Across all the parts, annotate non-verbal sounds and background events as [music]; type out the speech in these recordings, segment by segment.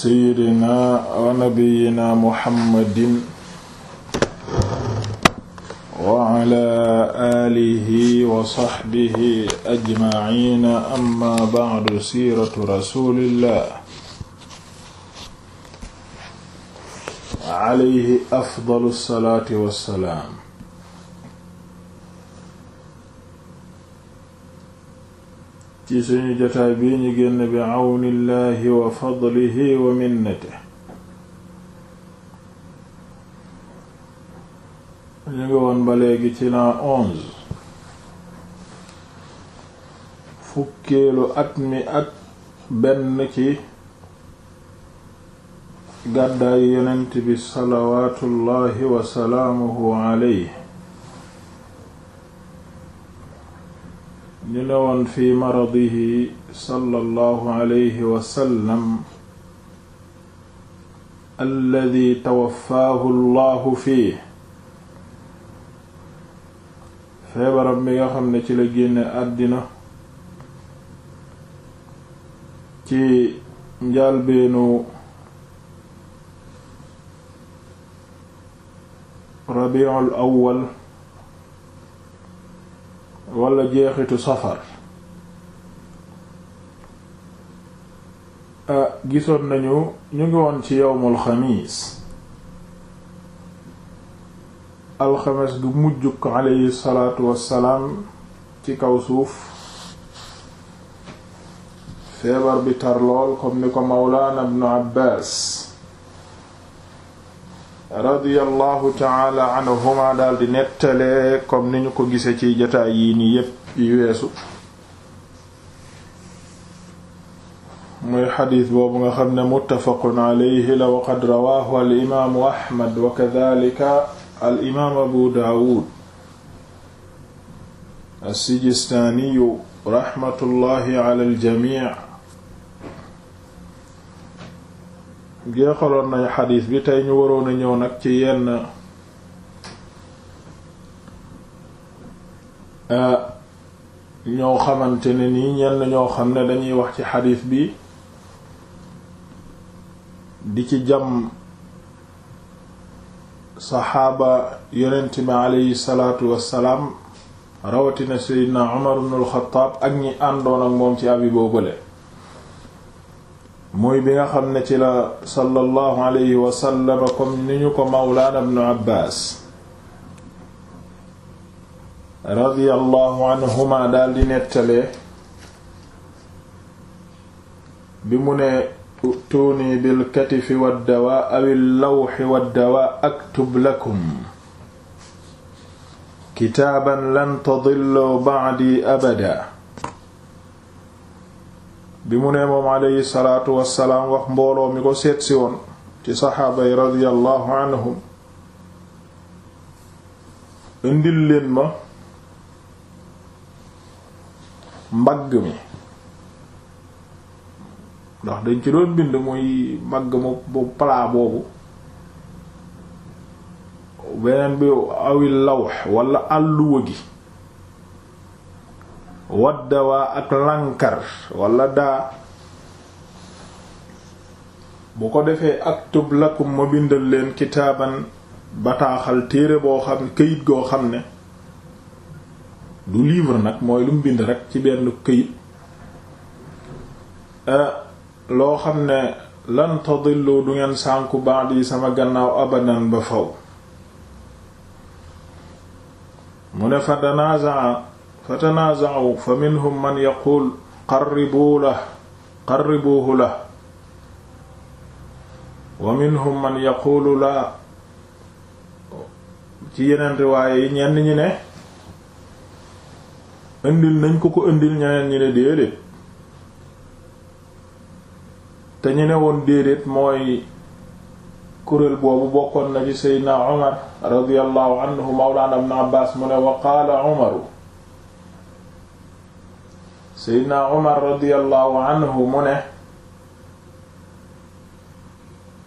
seydina wa nabiyina muhammadin wa ala alihi wa saxbihi ajmaciina amma bacdu siiratu rasulillah alayhi afdalu salaati wassalaam ci suñu jotaay bii ñu génn bi àwnillaahi wa fadlihi wa minnate ñu ngi woon ba léegi ci la onze fukkeelu at mi ak benn ci gàddaay yonent bi salawaatullaahi wa salaamuhu alayhi ñu ne woon fi maradihi sallallahu alayhi wa sallam alladi tawaffaahu allahu fii feebaram bi nga xam ne ci la génne àddina ci njaalbeenu rabiul awwal wala jeexitu safar ah, gisoon nañu ñu ngi woon ci yowmul xamiis alxames gu mujjuk aleyhi salaatu wassalaam ci kaw suuf feebar bi tar lool comme ni ko mawlaana ibnu abbaas radiyallahu taala anhuma daal di nettalee comme ko gise ci jataay yii nii yépp yi weesu muy xadis boobu nga xam ne muttafaqun alayhi la wa qad rawaahu al imaamu ahmad wa kadhalika al imaam abu daawud as-sijistaaniyu rahmatullahi ala al jamii jeexaloon nañu xadiis bi tey ñu waroon a ñëw nag ci yenn euh, ñoo xamante ne nii ñenn ñoo xam ne dañuy wax ci xadiis bi di ci jam saxaaba yonent bi aleyhi salaatu wassalaam rawatina seydina Umar ibn al ak ñi àndoon ak moom ci abi boobale mooy bi nga xam ne ci la sallallahu alayhi wa sallam comme ni ñu ko mawlaana ibnu Abbaas radiyallahu anhuma daal di nettalee bi mu ne tuuni bil katifi wad dawaa awil lawxi wad dawaa aktub lakum kitaaban lan tadillu ba'di abada bi mu nee moom aleyhi salaatu wassalaam wax mbooloo mi ko seetsi woon ci saxaaba yi radiyallahu anhum indil ma mbagg mi ndax dañ ci doon bind muy mbagg mu palaa boobu beneen bi awil lawx walla àlluwa gi wadda waa ak lànkar wala daa bu ko defee aktub lakum ma bindal leen kitaaban bataaxal téere boo xam këyit goo xam ne du livre nag mooy lu bind rek ci benn këyit euh, loo xam ne lan tadillu du ngeen sànku baax di sama gannaaw abadan ba faw mu ne fa danazaa fatanaazawu fa minhum man yaquul qarribuu lah qarribuuhu lah wa minhum man yaquulu laa ci yeneen riwaaye yi ñenn ñi ne indil nañ ko ko indil ñeneen ñi ne déedéet te ñu woon déedéet mooy kuréel boobu bokkoon na ci seydna Umar radiyallahu anhu mawlaana ibn mu ne wa qaala Umaru seydna umar radiallahu anhu mu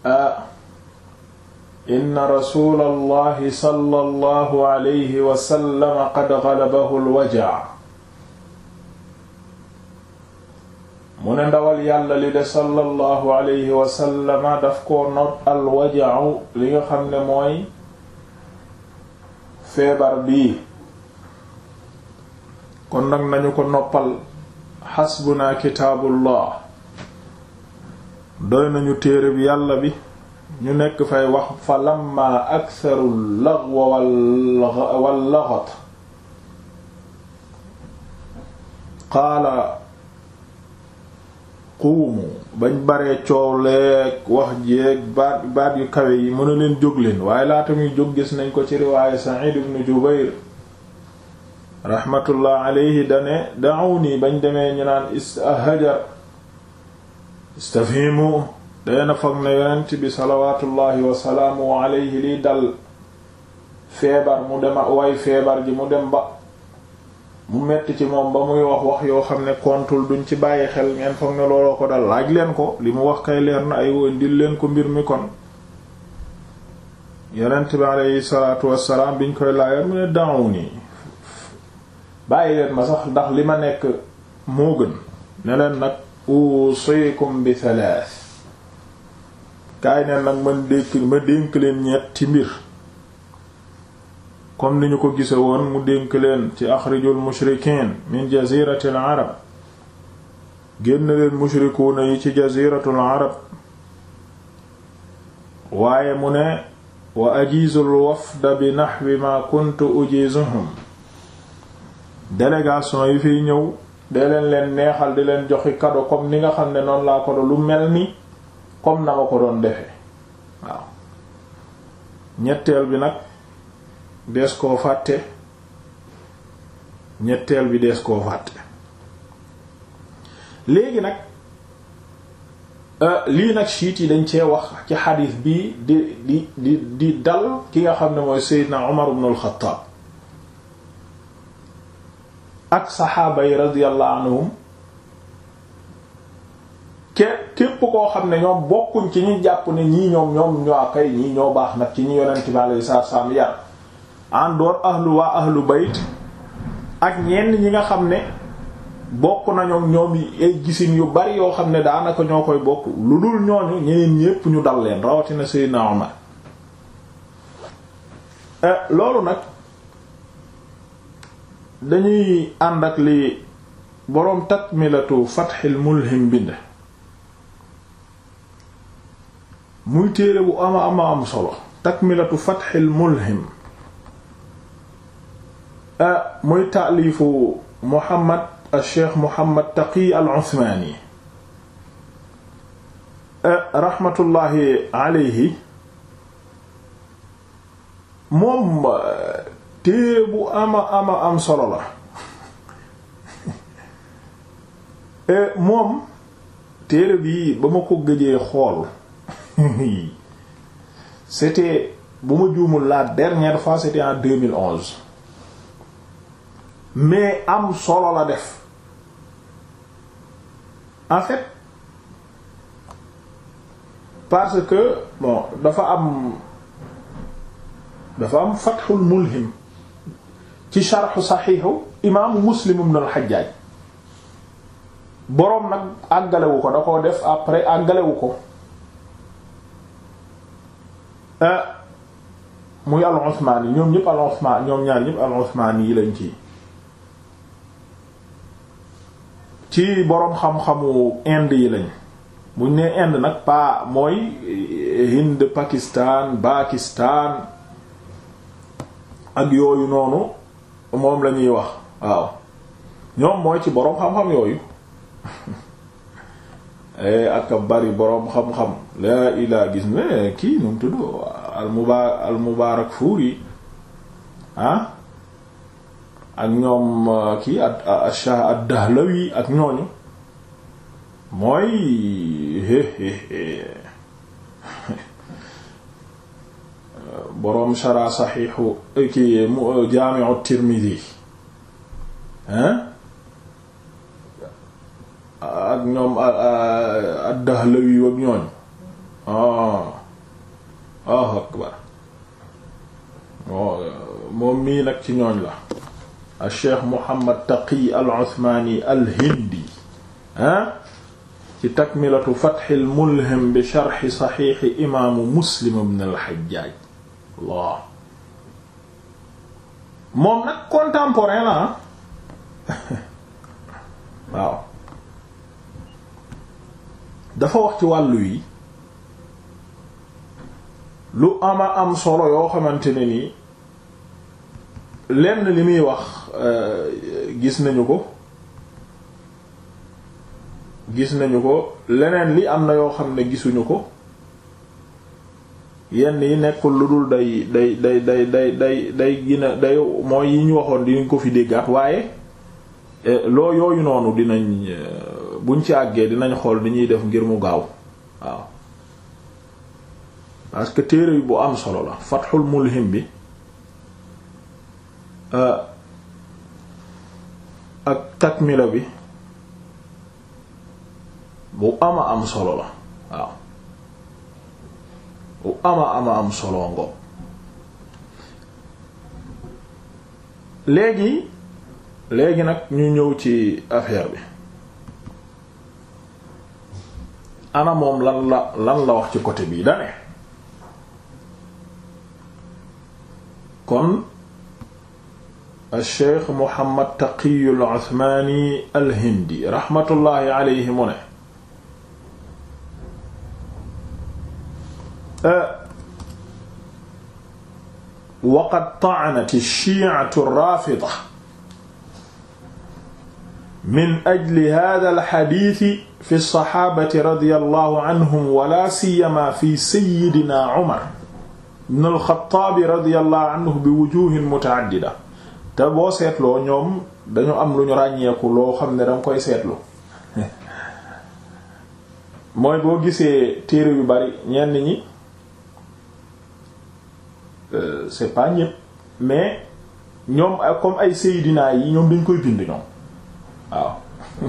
a inna rasula sallallahu alayhi wasallam qad galabahu alwaja mu ne ndawal yàlla li de sallallahu alayhi wasallama daf koo not alwajau li nga xam ne mooy feebar bii kon noppal xasbunaa kitaabullah doy nañu téere bi yàlla bi ñu nekk fay wax fa lamma aktharul lagwa wal laghat qaala quumu bañ baree coow leeg wax jeeg baat baat yu kawe yi mën a leen jóg leen waaye laata muy jóg gis nañ ko ci riwaaye Sa'id ibn Jubayr raxmatullah alayhi dane da'uni bañ demee ñu naan istahajar istafhimu day na foog ne yonent bi salawaatullahi wasalaamu alayhi liy dal feebar mu dem way feebar ji mu dem ba mu metti ci moom ba muy wax wax yoo xam ne kontul duñ ci bàyyi xel ngeen foog ne looloo ko dal laaj leen ko li mu wax kay leer na ay woon dil leen ko mbir mi kon yonent bi alayhi salaatu wasalaam biñ koy laayoon mu ne da'uni bàyyi leen ma sax ndax li ma nekk moo gën ne leen nag usikum bi thalath kaay nag man dénk ma dénk leen ñetti mbir comme ni ñu ko gise woon mu dénk leen ci axrijul mushrikiin min jaziratil arab génn leen mushrikuuna yi ci jaziratul arab waaye mu ne wa ajiizul wafda bi naxwi ma kuntu ujiizuhum délégation yi fiy ñëw dee leen leen neexal di leen joxi cadeau comme ni nga xam ne noonu laa ko lu mel ni comme na ma ko doon defee waaw ñetteel bi nag dees koo fàtte ñetteel bi dees koo fàtte léegi nag euh, lii nag siit yi dañ cee wax ci xadiis bi di di di di dal ki nga xam ne mooy Seydina Umar ibn al ak saxaaba yi radiyallahu anhum ke képp koo xam ne ñoom bokkuñ ci ñu jàpp ne ñii ñoom ñoom ñoo kay ñii ñoo baax nag ci ñu yonent bi alayhi salaam yar en dehors ahlu waa ahlu bayt ak ñenn ñi nga xam ne bokk nañoo ñoom ay gisin yu bari yoo xam ne daanaka ñoo koy bokk lu dul ñooñu ñeneen ñépp ñu dal leen rawatina Seydina Omar eh, loolu nag dañuy ànd ak li boroom takmilatu fatxil mulhim bind muy téere bu ama ama am solo takmilatu fatxil mulhim muy taalifu Muhammad al-Cheikh Muhammad Taqi al-Usmaani raxmatullaahi alayhi moom téere bu ama ama am solo la e, moom téere bi ba ma ko gëjee xool [laughs] c'était bu ma juumul la dernière fois c'était en 2011 mais am solo la def en fait parce que bon dafa am dafa am fathul mulhim ci sharxu saxiixu imaamu muslim ibn al-Hajjaj boroom nag àggalewu ko da koo def après àggalewu ko eh, muy al yi ñoom ñëpp al-Usmaani ñoom ñaar ñëpp al-Usmaani yi lañ ci ci boroom xam-xamu Inde yi lañ buñ nee Inde nag pa mooy eh, Hind Pakistan Pakistan ak yooyu noonu moom la ñuy wax waaw ñoom mooy ci boroom xam-xam yooyu [laughs] eh, ak bari boroom xam-xam laa ilaa gis ne eh, kii nu mu tudd al muba fuur yi ah ak ñoom eh, kii ak Shah ad-Dahlawi ak ñooñu mooy boroom shara saxiixu eh, ki eh, jaamiu tirmidi hein eh? ak ñoom ad-Dahlawi ak ñooñ ah akbar moom mii nag ci ñooñ la al cheikh Muhammad Taqi al Usmaani al Hindi ah ci takmilatu Fathil Mulhim bi sharxi saxiixi imaamu Muslim ibn al Hajjaaj waaw moom nag contemporain la ah. [laughs] waaw dafa wax ci wàllu yi lu ama am solo yoo xamante ne ni lenn li muy wax eh, gis nañu ko gis nañu ko leneen li am na yoo xam ne gisuñu ko yenn yi nekkul lu dul day day day day day day day gina day mooy yi ñu waxoon dinañ ko fi déggaat waaye eh, loo yooyu noonu dinañ eh, buñ ci àggee dinañ xool di ñuy def ngir mu gaaw waaw parce que téere bu am solo la Fathul Mulhim bi eh, ak takmila bi bu ama am solo la waaw ama ama am solo ngo léegi léegi nag ñu ñëw ci affaire bi ana moom lan la lan la wax ci côté bii dane kon acheikh mohammad taqiyu al uthmani al hindi rahmatullahi alayhi mu ne Uh, waqad ta'anat ash-shi'atu ar-rafida min ajli hadha al-hadith fi as-sahabati radiyallahu anhum wa la fi sayyidina Umar ibn al-Khattab radiyallahu anhu bi wujuhin muta'addida te boo seetloo ñoom dañoo am lu ñu ràññeeku loo xam ne danga koy seetlu [laughs] mooy boo gisee téere yu bari ñenn Euh, c'est pas ñëpp mais ñoom euh, comme ay Seydina yi ñoom dañ koy bind ñoom waaw [laughs]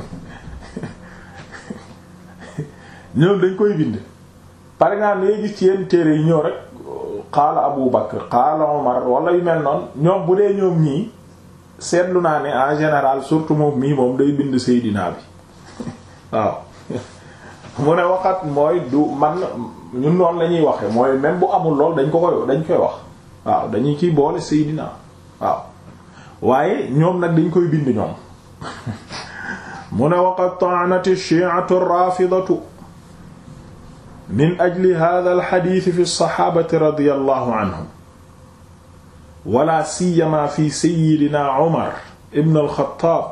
ñoom dañ koy bind par exemple léegi ci yenn téere yi ñoo rek xaala Abu Bakr xaala Omar wala yu mel noonu ñoom bu dee ñoom ñii seetlu naa ne en général surtout moom mii moom day bind Seydina bi [laughs] waaw [laughs] mu ne waxat mooy du man ñun noonu la ñuy waxe mooy même bu amul lool dañ ko koy dañ koy wax waaw dañu ciy boole Seydina waaw waaye ñoom nag dañ koy bind ñoom [laughs] mu ne waqad ta'anati shi'atu rafidatu min ajli hadha alxadith fi saxaabati radiyallahu anhum wala siyama fi sayyidina Umar ibn al-Khattab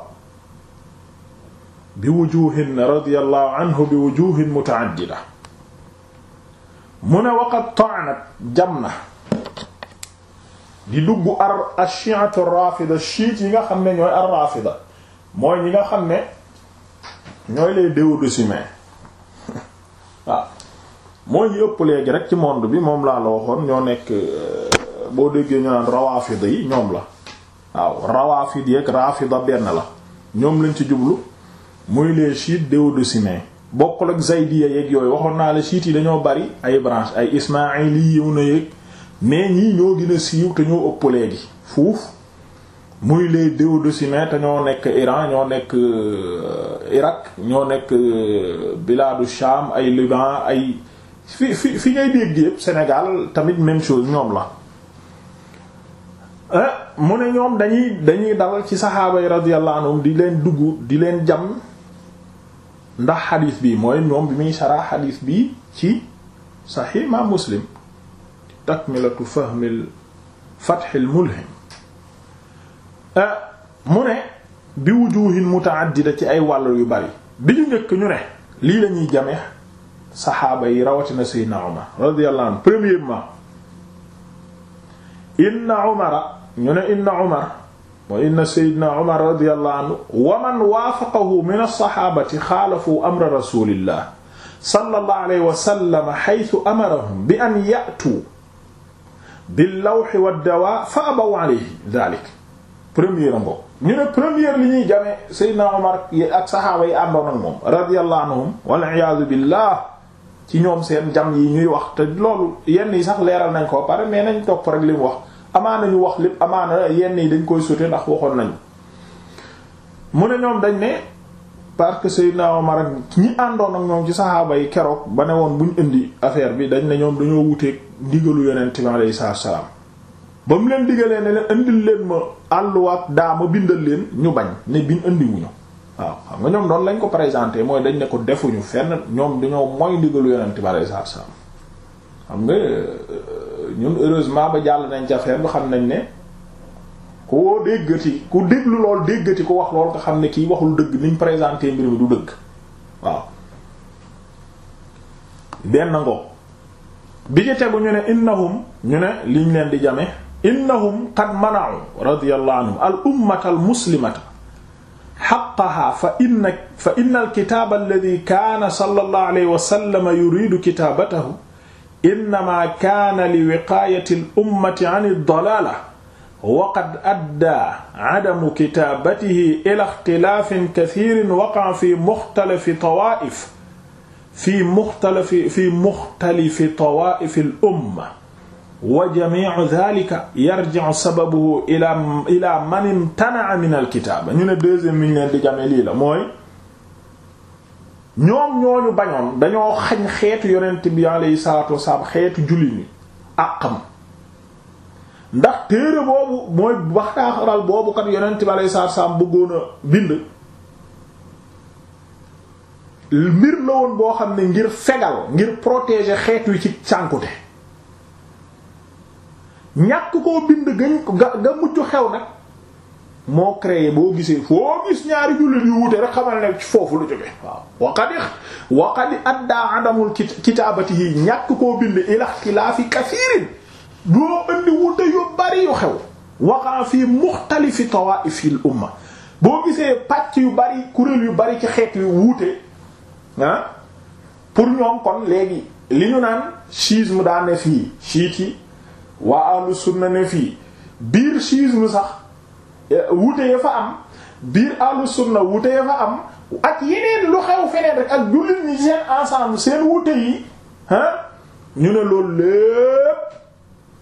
bi wujuhin radiyallahu anhu bi wujuhin muta'addida mu ne waqad ta'anat jam na di dugg ar ashi'atu rafida chiites yi nga xam ne ñooy ar rafida mooy ñi nga xam ne ñooy les duodécimains [laughs] waaw mooy yëpp ëpp léegi rek ci monde bi moom laa la waxoon ñoo nekk euh, boo déggee ñu naan rawafida yi ñoom la waaw rawafid yeeg rafida benn la ñoom lañ ci jublu muy les chiites duodécimains bokkul ak zaydiya yeeg yooyu waxoon naa la chiites yi dañoo bari ay branche ay ismaïli yiw na yeeg mais ñi ñoo gën a siiw te ñoo ëpp léegi fuuf muy les duodécimains te ñoo nekk Iran ñoo nekk euh, Irak ñoo nekk euh, biladu Sham ay Liban ay fi fi fi ngay dégg yëpp Sénégal tamit même chose ñoom la ah, mu ne ñoom dañuy dañuy dalal ci saxaaba yi radiyallahu anhum di leen dugg di leen jam ndax xadiis bi mooy ñoom bi muy saraa xadiis bi ci saxiix Muslim takmilatu fahmil fathil mulhim ah, mu ne bi wujuhin mutaaddida ci ay wàll yu bari bi ñu njëkk ñu ne lii la ñuy jame saxaaba yi rawatina sayyidina Umar radiyallahu anhu premièrement inna Umara ñu ne inna Umar wa inna sayyidina Umar radiyallahu anhu wa man waafaqahu min as-saxaabati xaalafu amra rasulillah sallallahu alayhi wa sallam haythu amarahum bi an ya'tu bil lawhi wad dawa fa abaw alayhi dalik première ngo ñu ne première li ñuy jamee Seydina Omar ak saxaaba yi àndoon ak moom radiyallahu anhum wal iyaadu ci ñoom seen jam yi ñuy wax te loolu yenn yi sax leeral nañ ko pare mais nañ topp rek li mu wax amaana ñu wax lépp amaana yenn yi dañ koy sute ndax waxoon nañu mu ne ñoom dañ ne parce que Seydina Omar ak ñi àndoon ak ñoom ci saxaaba yi keroog ba ne woon bu ñu indi affaire bi dañ ne ñoom dañoo wuteeg ndigalu yonent bi alayhi salaam ba mu leen digalee ne leen indil leen ma àlluwaat daa ma bindal leen ñu bañ ne biñ indiwuñu waaw xam nga ñoom noonu lañ ko présenté mooy dañ ne ko defuñu fenn ñoom dañoo mooy ndigalu yonent bi alayhi salaam xam nga euh, ñun heureusement ba jàll nañ ci affaire bi xam nañ ne. koo déggati ku déglu lool déggati ko wax lool nga xam ne kii waxul dëgg ni mu présenté mbir mi du dëgg waaw benn bi ci tegu ñu ne innahum ñu ne liñ leen di jame innahum qad mana'u radiyallahu al ummata al muslimata haqqaha fa inna fa inna al kitaaba alladhi kaana sallallahu alayhi wa sallam yuridu kitaabatahu innama kaana li wiqaayati al ummati an ad waqad addaa adamu kitaabatihi ila ixtilaafin kasiirin waqaa fi muxtalifi tawaa'if fi muxtalifi fi muxtalifi tawaa'if al-umma wa jamii'u dhaalika yarji'u sababuhu ilaa ilaa man imtana'a min al-kitaaba ñu ne deuxième mi ñu leen di jamee lii la mooy ñoom ñooñu bañoon dañoo xañ xeetu yonent bi alayhi salaatu wasalaam xeetu julli ñi àqam ndax téere boobu mooy waxtaaxaral boobu kat yonent bi aleyhi salaatu salaam bind mbir la woon boo xam ne ngir fegal ngir protégé xeet wi ci cànkute ñàkk koo bind gañ ga ga mujj xew nag moo créé boo gisee foo gis ñaari jullit yu wute rek xamal ne ci foofu lu jóge waaw waqadi waqadi adda adamul kitaabati yi ñàkk koo bind ila xilaafi kasiirin boo indi wute yu bari yu xew waqa fi mukhtalifi tawaif al umma boo gisee pàcc yu bari kuréel yu bari ci xeet yu wuute ah pour ñoom kon léegi li ñu naan schisme daa fii chiite waa ahlu sunna ne fii biir schisme sax eh, wuute ya fa am biir ahlu sunna wuute ya fa am ak yeneen lu xew feneen rek ak jullit ñi seen ensemble seen wuute yi ah ñu ne loolu lépp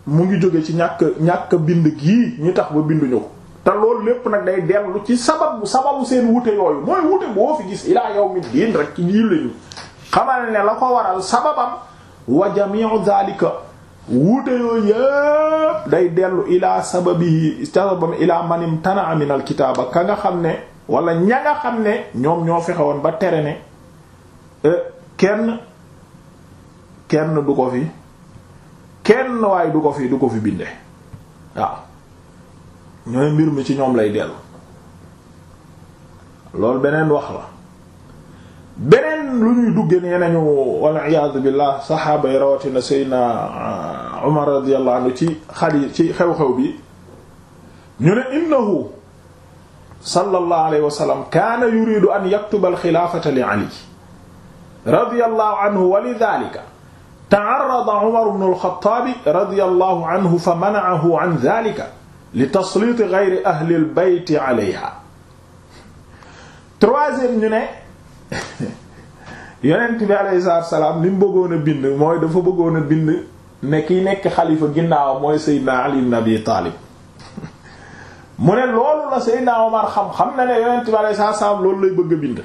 mu ngi jóge ci ñàkk ñàkk bind gii ñu tax ba binduñu ko te loolu lépp nag day dellu ci sababu sababu seen wute yooyu mooy wute boo fi gis ilaa yawmi diin rek ci lii lañu xamal ne la ko waral sababam wa jami'u dhalika wuute yooyu yépp day dellu ilaa sababi sababam ilaa manim tana min al kitaaba ka nga xam ne walla ña nga xam ne ñoom ñoo fexe woon ba tere ne eh, kenn kenn du ko fi kenn waaye du fi du ko fi binde waaw mbir mi ci ñoom lay dellu loolu beneen wax la beneen lu ñuy dugge nee nañu walla iyaadu saxaaba yi rawatina Seydina uh, Umar radiyallahu anhu ci xali ci xew-xew bi ñu ne innahu sallallahu alayhi wa sallam kaana yuridu an yaktuba al xilaafata li Ali radiyallahu anhu li daalika ta'arrada Umar ibn al-Khattab radiyallahu anhu fa mana'ahu an dhalika li taslit ghayri ahli al-bayt alayha troisième ñu ne yonent bi alayhi salaam li mu bëggoon a bind mooy dafa bëggoon a bind ne kiy nekk xalifa ginnaaw mooy Seydina Ali ibn Abi Talib mu ne loolu la Seydina Omar xam xam na ne yonent bi alayhi salaam loolu lay bëgg a bind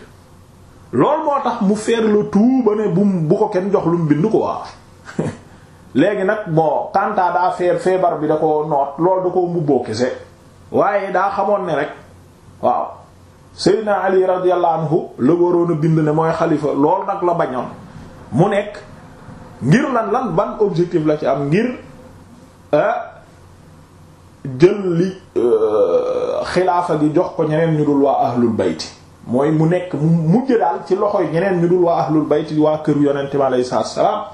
lool moo tax mu faire le tout ba ne bu bu ko kenn jox lu mu bind ko waa [laughs] léegi nag bon kantaa daa feer feebar bi da ko noot lool da ko mbubboo kese waaye daa xamoon ne rek waaw Seydina Ali radiyallahu anhu la a bind ne mooy xalifa lool nag la bañoon mu nekk ngir lan lan ban objectif la ci am ngir euh, jël li euh, xilaafa gi jox ko ñeneen ñu dul waa ahlul bayti mooy mu nekk mu mujj daal ci loxoy ñeneen ñu dul waa ahlul bayt waa kër yonent bi alayhi salaam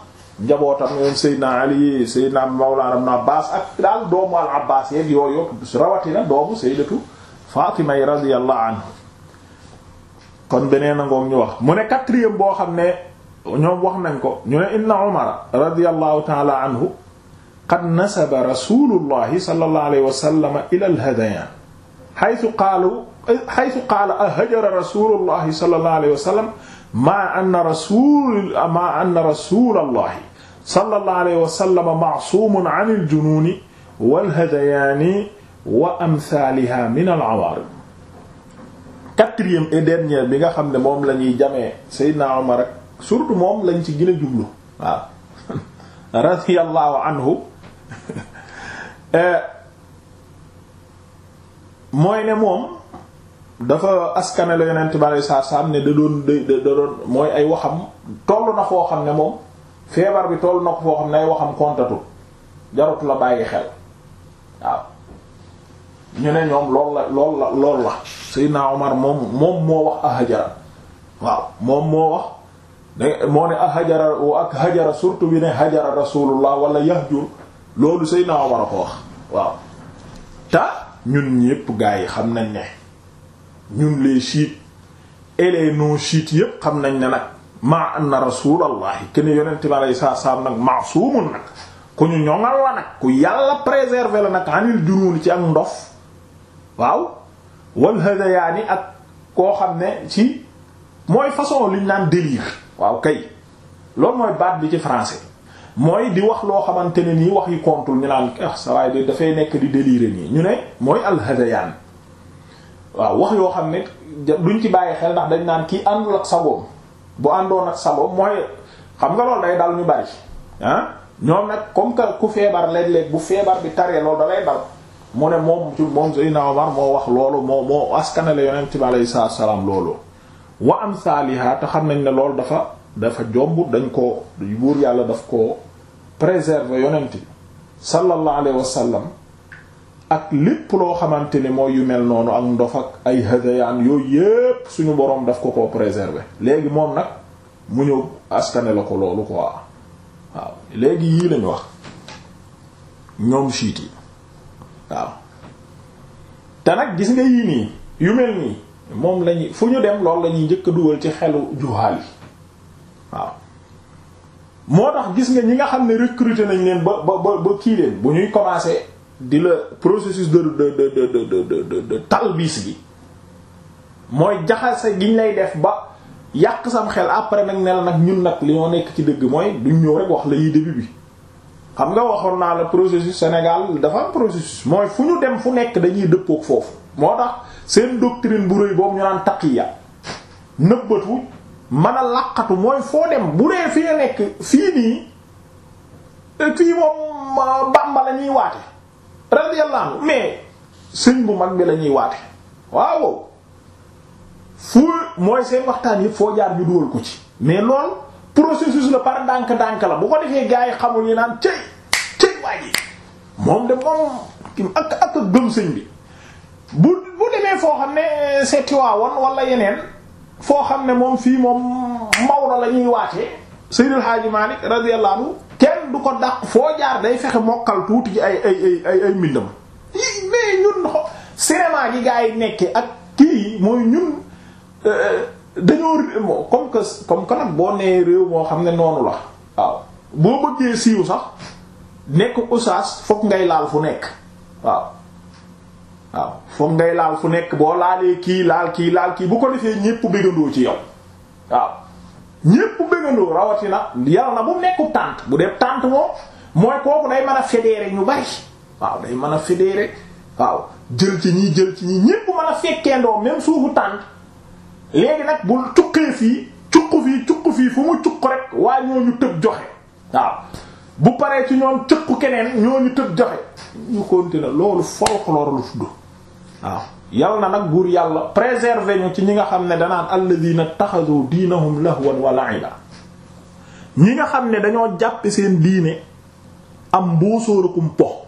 njabootam ñoom Seydina Ali Seydina Mawlana Ibn Abbas ak daal doomu al Abbas yeeg yooyu rawatina doomu Sayyidatu Fatima radiyallahu anha kon beneen a ngoom ñu wax mu ne quatrième boo xam ne ñoom wax nañ ko ñu ne inna Umar radiyallahu ta'ala anhu qad nasaba rasulullahi sallallahu alayhi wa sallam ila al-hadayan haythu qalu haythu qaala ahajara rasulullahi sallallahu alayhi wa sallam maa anna rasul maa anna rasulallahi sallallahu alayhi wa sallam ma'suumun anil junuuni wal hadayaani wa amsaaliha min al awaarid quatrième et dernière bi nga xam ne moom la ñuy jamee Seydina Omar ak surtout moom lañ ci gën a jublu waaw [laughs] radiyallahu anhu [laughs] eh, mooy ne moom dafa askanale yonent bi alei saatu salaam ne da doon da doon mooy ay waxam toll na foo xam ne moom feebar bi toll na ko foo xam ne ay waxam kontatu jaratu la bàyyi xel waaw ñu ne ñoom lool la lool la lool la Seydina Omar moom moom moo wax ahajara waaw moom moo wax da moo ne ahajara ak hajara surtout bi ne hajara rasulullah wala yahjur loolu Seydina Omar a ko wax waaw ta ñun ñépp gaa yi xam nañ ne ñun les chiites et les non chiites yépp xam nañ ne nag maa anna rasulallahi kenn yonent bi alayhi salaatu salaam nag maasuumun nag ku ñu ñoŋal la nag ku yàlla préserver la nag anil junuuni ci ak ndof waaw wal hadayaani ak koo xam ne ci mooy façon liñ naan délire waaw kay loolu mooy baat bi ci français mooy di wax loo xamante ne nii wax yi kontul ñu naan ah sa waay de dafay nekk di délire nii ñu ne mooy al hadayaan waaw wax yoo xam ne duñ ci bàyyi xel ndax dañ naan kii àndul ak sagoom bu àndoon ak sagoom mooy xam nga loolu day dal ñu bari ah ñoom nag comme que ku feebar léeg-léeg bu feebar bi taree loolu dalay dal mu ne moom ci moom Seydina Omar moo wax loolu moo moo askanale yonent bi alayhi salaam loolu wa am saaliha te xam nañ ne loolu dafa dafa jomb dañ ko buur yàlla daf ko préserver yonent bi sallallahu alayhi wa sallam ak lépp loo xamante ne moo yu mel noonu ak ndof ak ay hadayaan yooyu yépp suñu boroom daf ko ko préserver léegi moom nag mu ñëw askane la ko loolu ko waaw léegi yii lañ wax ñoom siit yi waaw te nag gis nga yii nii yu mel nii moom lañuy fu ñu dem loolu lañuy njëkk dugal ci xelu juhaal yi waaw moo tax gis nga ñi nga xam ne recruter nañ leen ba ba ba kii leen bu ñuy commencer di la processus de de de de de de tal talbis bi mooy jaxase ñu lay def ba yàq sam xel après nag ne la nag ñun nag li ñoo nekk ci dëgg mooy duñ ñëw rek wax la yii di bi. xam nga waxoon naa la processus Sénégal dafa am processus mooy fu ñu dem fu nekk dañuy dëppook foofu moo tax seen doctrine bu rëy boobu ñu naan taqiya nëbbatu mën a laqatu mooy foo dem bu dee fi nga nekk fii nii fii moom Bamba la ñuy waate radiyallahu anhu mais sëñ bu mag bi lañuy ñuy waate waaw fu mooy seen waxtaan yëpp foo jaar ñu dugal ko ci mais lool processus la par ndànk-ndànk la bu ko defee gars yi xamul ñu naan cëy cëy waa ji moom de moom ak ak gëm sëñ bi bu bu demee foo xam ne settiwaawoon walla yeneen foo xam ne moom fii moom Maodo la ñuy waatee Seydil Hadji Malick radiyallahu anhu kenn du ko dàq foo jaar day fexe mokkal tuuti ci ay ay ay ay mbindam mais ñun xo gi gaa yi nekkee ak kii mooy ñun euh, dañoo comme que comme que nag boo nee réew moo xam ne noonu la waaw boo bëggee siiw sax nekk usaas fokk ngay laal fu nekk waaw waaw fokk ngay laal fu nekk boo laalee kii laal kii laal kii bu ko defee ñépp bëggandoo ci yow waaw ñépp bëggandoo rawatina yàlla na bu nekku tànt bu dee tànt moom mooy kooku day mën a fédérer ñu bari waaw day man a fédérer waaw jël ci ñii jël ci ñii ñépp mën a fekkeendoo même suufu tànt léegi nag bu cuqee fii cuq fii cuq fii fu mu cuq rek waaye ñooñu tëb joxe waaw bu paree ci ñoom cuq keneen ñoo ñu tëb joxe ñu continuer loolu folklore lu tudd waaw yal na nag buur yàlla préserver ñu ci ñi nga xam ne danaan alladina taxadu diinahum lahwan wa la'iba ñi nga xam ne dañoo jàpp seen diine am mbóosóorakum po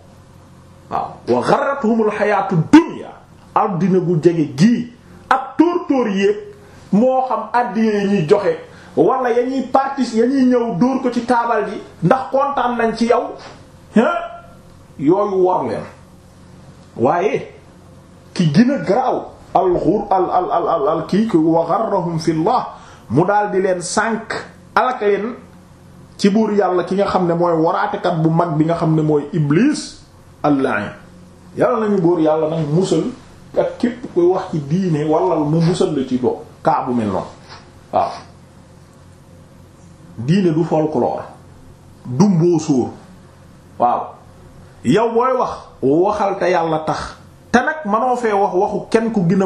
waaw wa gharratuhumul xayaatu dunya addina bu jege gii ak tóor-tóor yéeg moo xam addina yi ñuy joxe wala ya ñuy partis ya ñuy ñëw dóor ko ci taabal ji ndax kontaan lañ ci yow yooyu war leen waaye ki gën a garaaw al al al al al kii ki wa fillah mu daal di leen sànk alak leen ci buur yàlla ki nga xam ne mooy waraatekat bu mag bi nga xam ne mooy iblis al-la'in yàlla nañu buur yàlla nag musal ak képp koy wax ci diine wala mu musal la ci do kaa mel noonu waaw diine du folklore du mbóosóor waaw yow booy wax waxal te yàlla tax te nag manoo fee wax waxu kenn ku gën a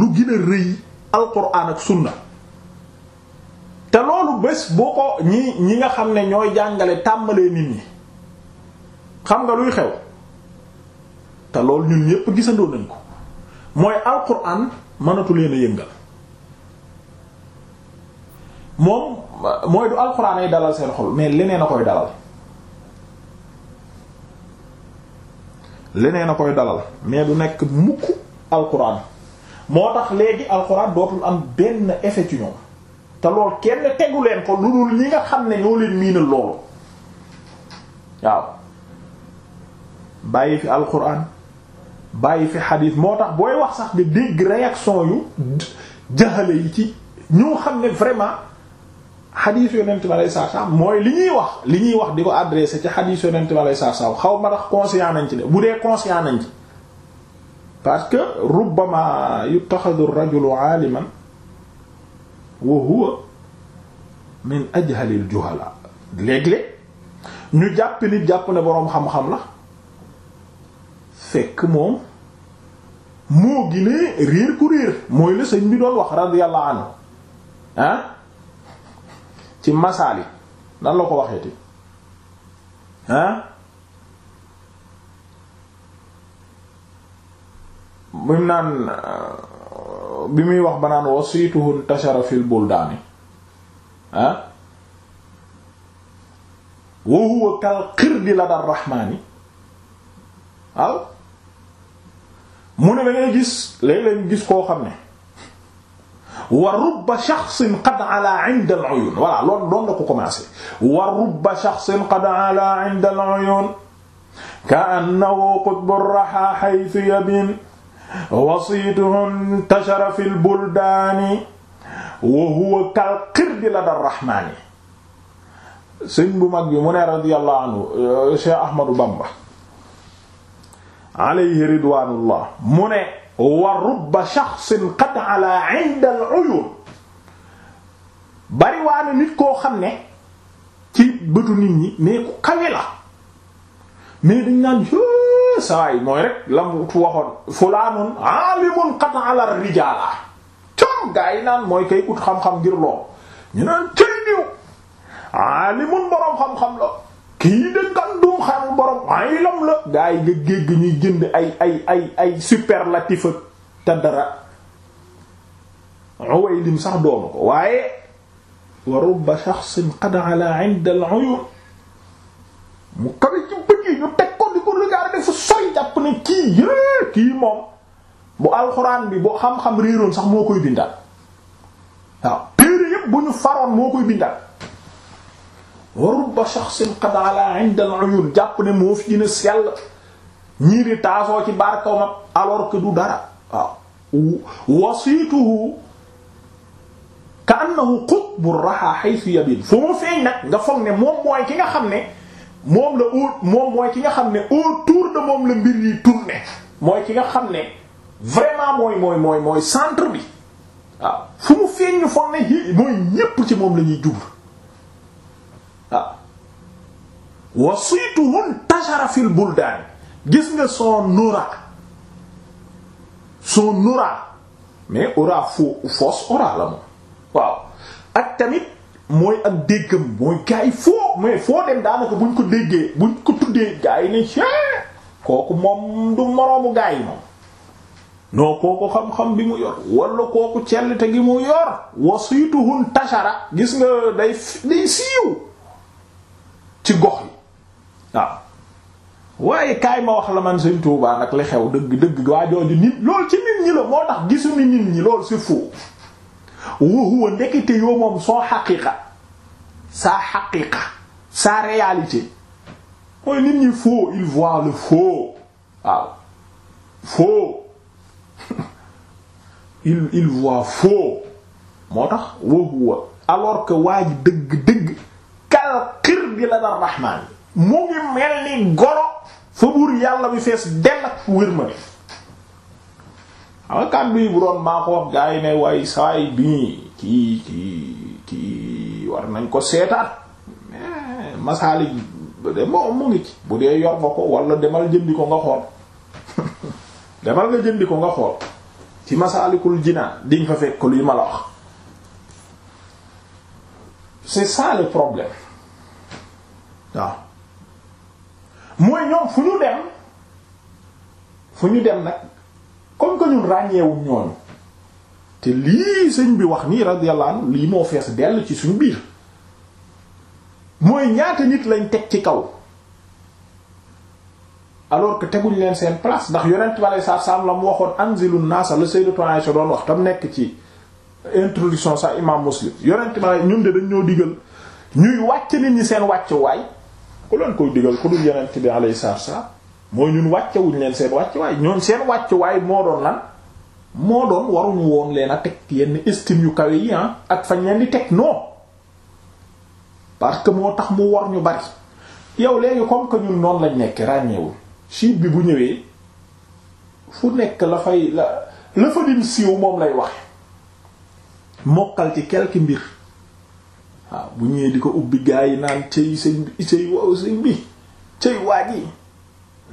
lu gën a rëy alquran ak sunna te loolu bés boo ko ñi ñi nga xam ne ñooy jàngale tàmbalee nit ñi xam nga luy xew te loolu ñun ñépp gisandoo nañ ko mooy alquran mënatu leen a yëngal moom mooy du alquran ay dalal seen xol mais leneen a koy dalal leneen a koy dalal mais du nekk mukk alquran moo tax léegi alquran dootul am benn effet ci ñoom te lool kenn tegu leen ko lu dul ñi nga xam ne ñoo leen miinal loolu waaw bàyyi fi alquran bàyyi fi xadiis moo tax booy wax sax di dégg réaction yu jaxale yi ci ñoo xam ne vraiment xadiis yonent ma lay saa saa mooy li ñuy wax li ñuy wax di ko adressé ci xadiis yonent ma lay saa saa xaw ma tax conscient nañ ci de bu dee conscient nañ ci parce que rubbama yuttaxadu rajulu aaliman wa huwa min ajhalil juhala léeg-léeg ñu jàpp nit jàpp ne boroom xam-xam la fekk moom moo ginee réer ku réer mooy la ñu bi doon wax radiyallahu anhu ah ci masaali nan la ko waxeeti ah mu naan euh, bi muy wax ba naan wasituhu tashara fil buldaani ah wa huwa kal xirdi la dar rahmaani waaw mu ne da gis léeg-léeg gis koo xam ne wa rubba shaxsin qad ala inda al uyun voilà loolu doon la ko commencé wa rubba shaxsin qad ala inda al uyun ka annahu qutbu raha haythu yabin wasiituhu intashara fi al buldaani wa huwa kal qirdi lada rahmaani sëñ bu mag bi mu ne radiyallahu anhu euh, Cheikh Ahmadou Bamba alayhi ridwaanullah mu ne wa rubba shaxsin qad ala inda al-uyun bariwaana nit koo xam ne ci bëtu nit ñi mais ku kawe la dañ naan sawaay mooy rek lam tu waxoon fulaanun aalimun qad ala rijaala tom gaa yi naan mooy kay ut xam-xam ngir lool ñu naan tey niw aalimun boroom xam-xam la kii dañ ko xam borom ay lam la gaa yi nga gégg ñuy jënd ay ay ay ay superlatif ak te dara Uwaylim sax doomu ko waaye wa rubba shaxsin qad ala 'inda al-'uyun mu kawe ci bët yi ñu teg ko di ko regarder fu sori jàpp ne kii yée kii moom bu alxuraan bi boo xam-xam réeroon sax moo koy bindal waaw téere yépp bu ñu faroon moo koy bindal wa rubba shaxsin qad ala inda al uyun jàpp ne alors que du dara waaw wasiituhu ka annahu qutbu raha haythu yabin fu mu feeñ nag nga foog ne moom mooy ki nga xam ne moom la au moom mooy ki nga xam ne autour de moom la mbir yi tourné mooy ki nga xam ne vraiment mooy mooy mooy centre bi waaw fu mu feeñ ñu foog ne mooy ñépp ci moom la ñuy jublu wasiituhun tajara fil buldaan gis nga soo nura son nura mais ora fo foos ora la moom waaw ak tamit mooy ak déggam mooy gaa foo mais foo dem daanaka buñ ko déggee buñ ko tuddee gaa yi ne kooku moom du moroomu gaa moom noo kooku xam-xam bi mu yor wala kooku cellite gi mu yor wasiituhun tashara gis nga day day siiw ci gox waaye kaay ma wax la man sëñ Touba nag li xew dëgg dëgg waa nit loolu ci nit ñi la moo tax gisuñu nit ñi loolu c'est faux waaw faux il il voit faux moo tax wahuwa alors que waa dëgg dëgg kal xir la dar rahmaan mu mel ni goro fa buur yàlla bi fees dell ak wér ma de xam nga kàddu yi bu doon maa gaa yi ne waaye saay bi kii kii kii war nañ ko seetaat eh, masaalik de moo mu ngi bu dee yor ko wala demal jëndi ko nga xool [laughs] demal nga jëndi ko nga xool ci masaalikul jinaan diñ fa fekk luy ma la wax c'est ça le problème waaw mooy ñoom fu ñu dem fu ñu dem nag comme que ñun ràññeewuñ ñooñu te lii sëñ bi wax nii radiyallahu anhu lii moo fees dell ci suñu biir mooy ñaata nit lañ teg ci kaw alors que teguñ leen seen place ndax yonent bi alei satu salaam la mu waxoon anzilu naasa la sayyidatu Aisha doon wax tam nekk ci introduction sax imam Muslim yonent bi ñun de dañ ñoo digal ñuy wàcc nit ñi seen wàcc waay ku leen koy digal ku dul yonent bi alayhi salaam mooy ñun wàccewuñ leen seen wàccuwaay ñoom seen waaye moo doon lan moo doon waruñu woon leen a teg yenn estime yu kawe yi ah ak fañ leen di teg non parce que moo tax mu war ñu bari yow léegi comme que ñun noonu lañ nekk ràññeewul chiite bi bu ñëwee fu nekk la fay la la fa dim siiw moom lay wax mokkal ci quelque mbir waaw ah, bu ñëwee di ko ubbi gaa yi naan cëy sëñ bi cëy wow sëñ bi cëy waaj yi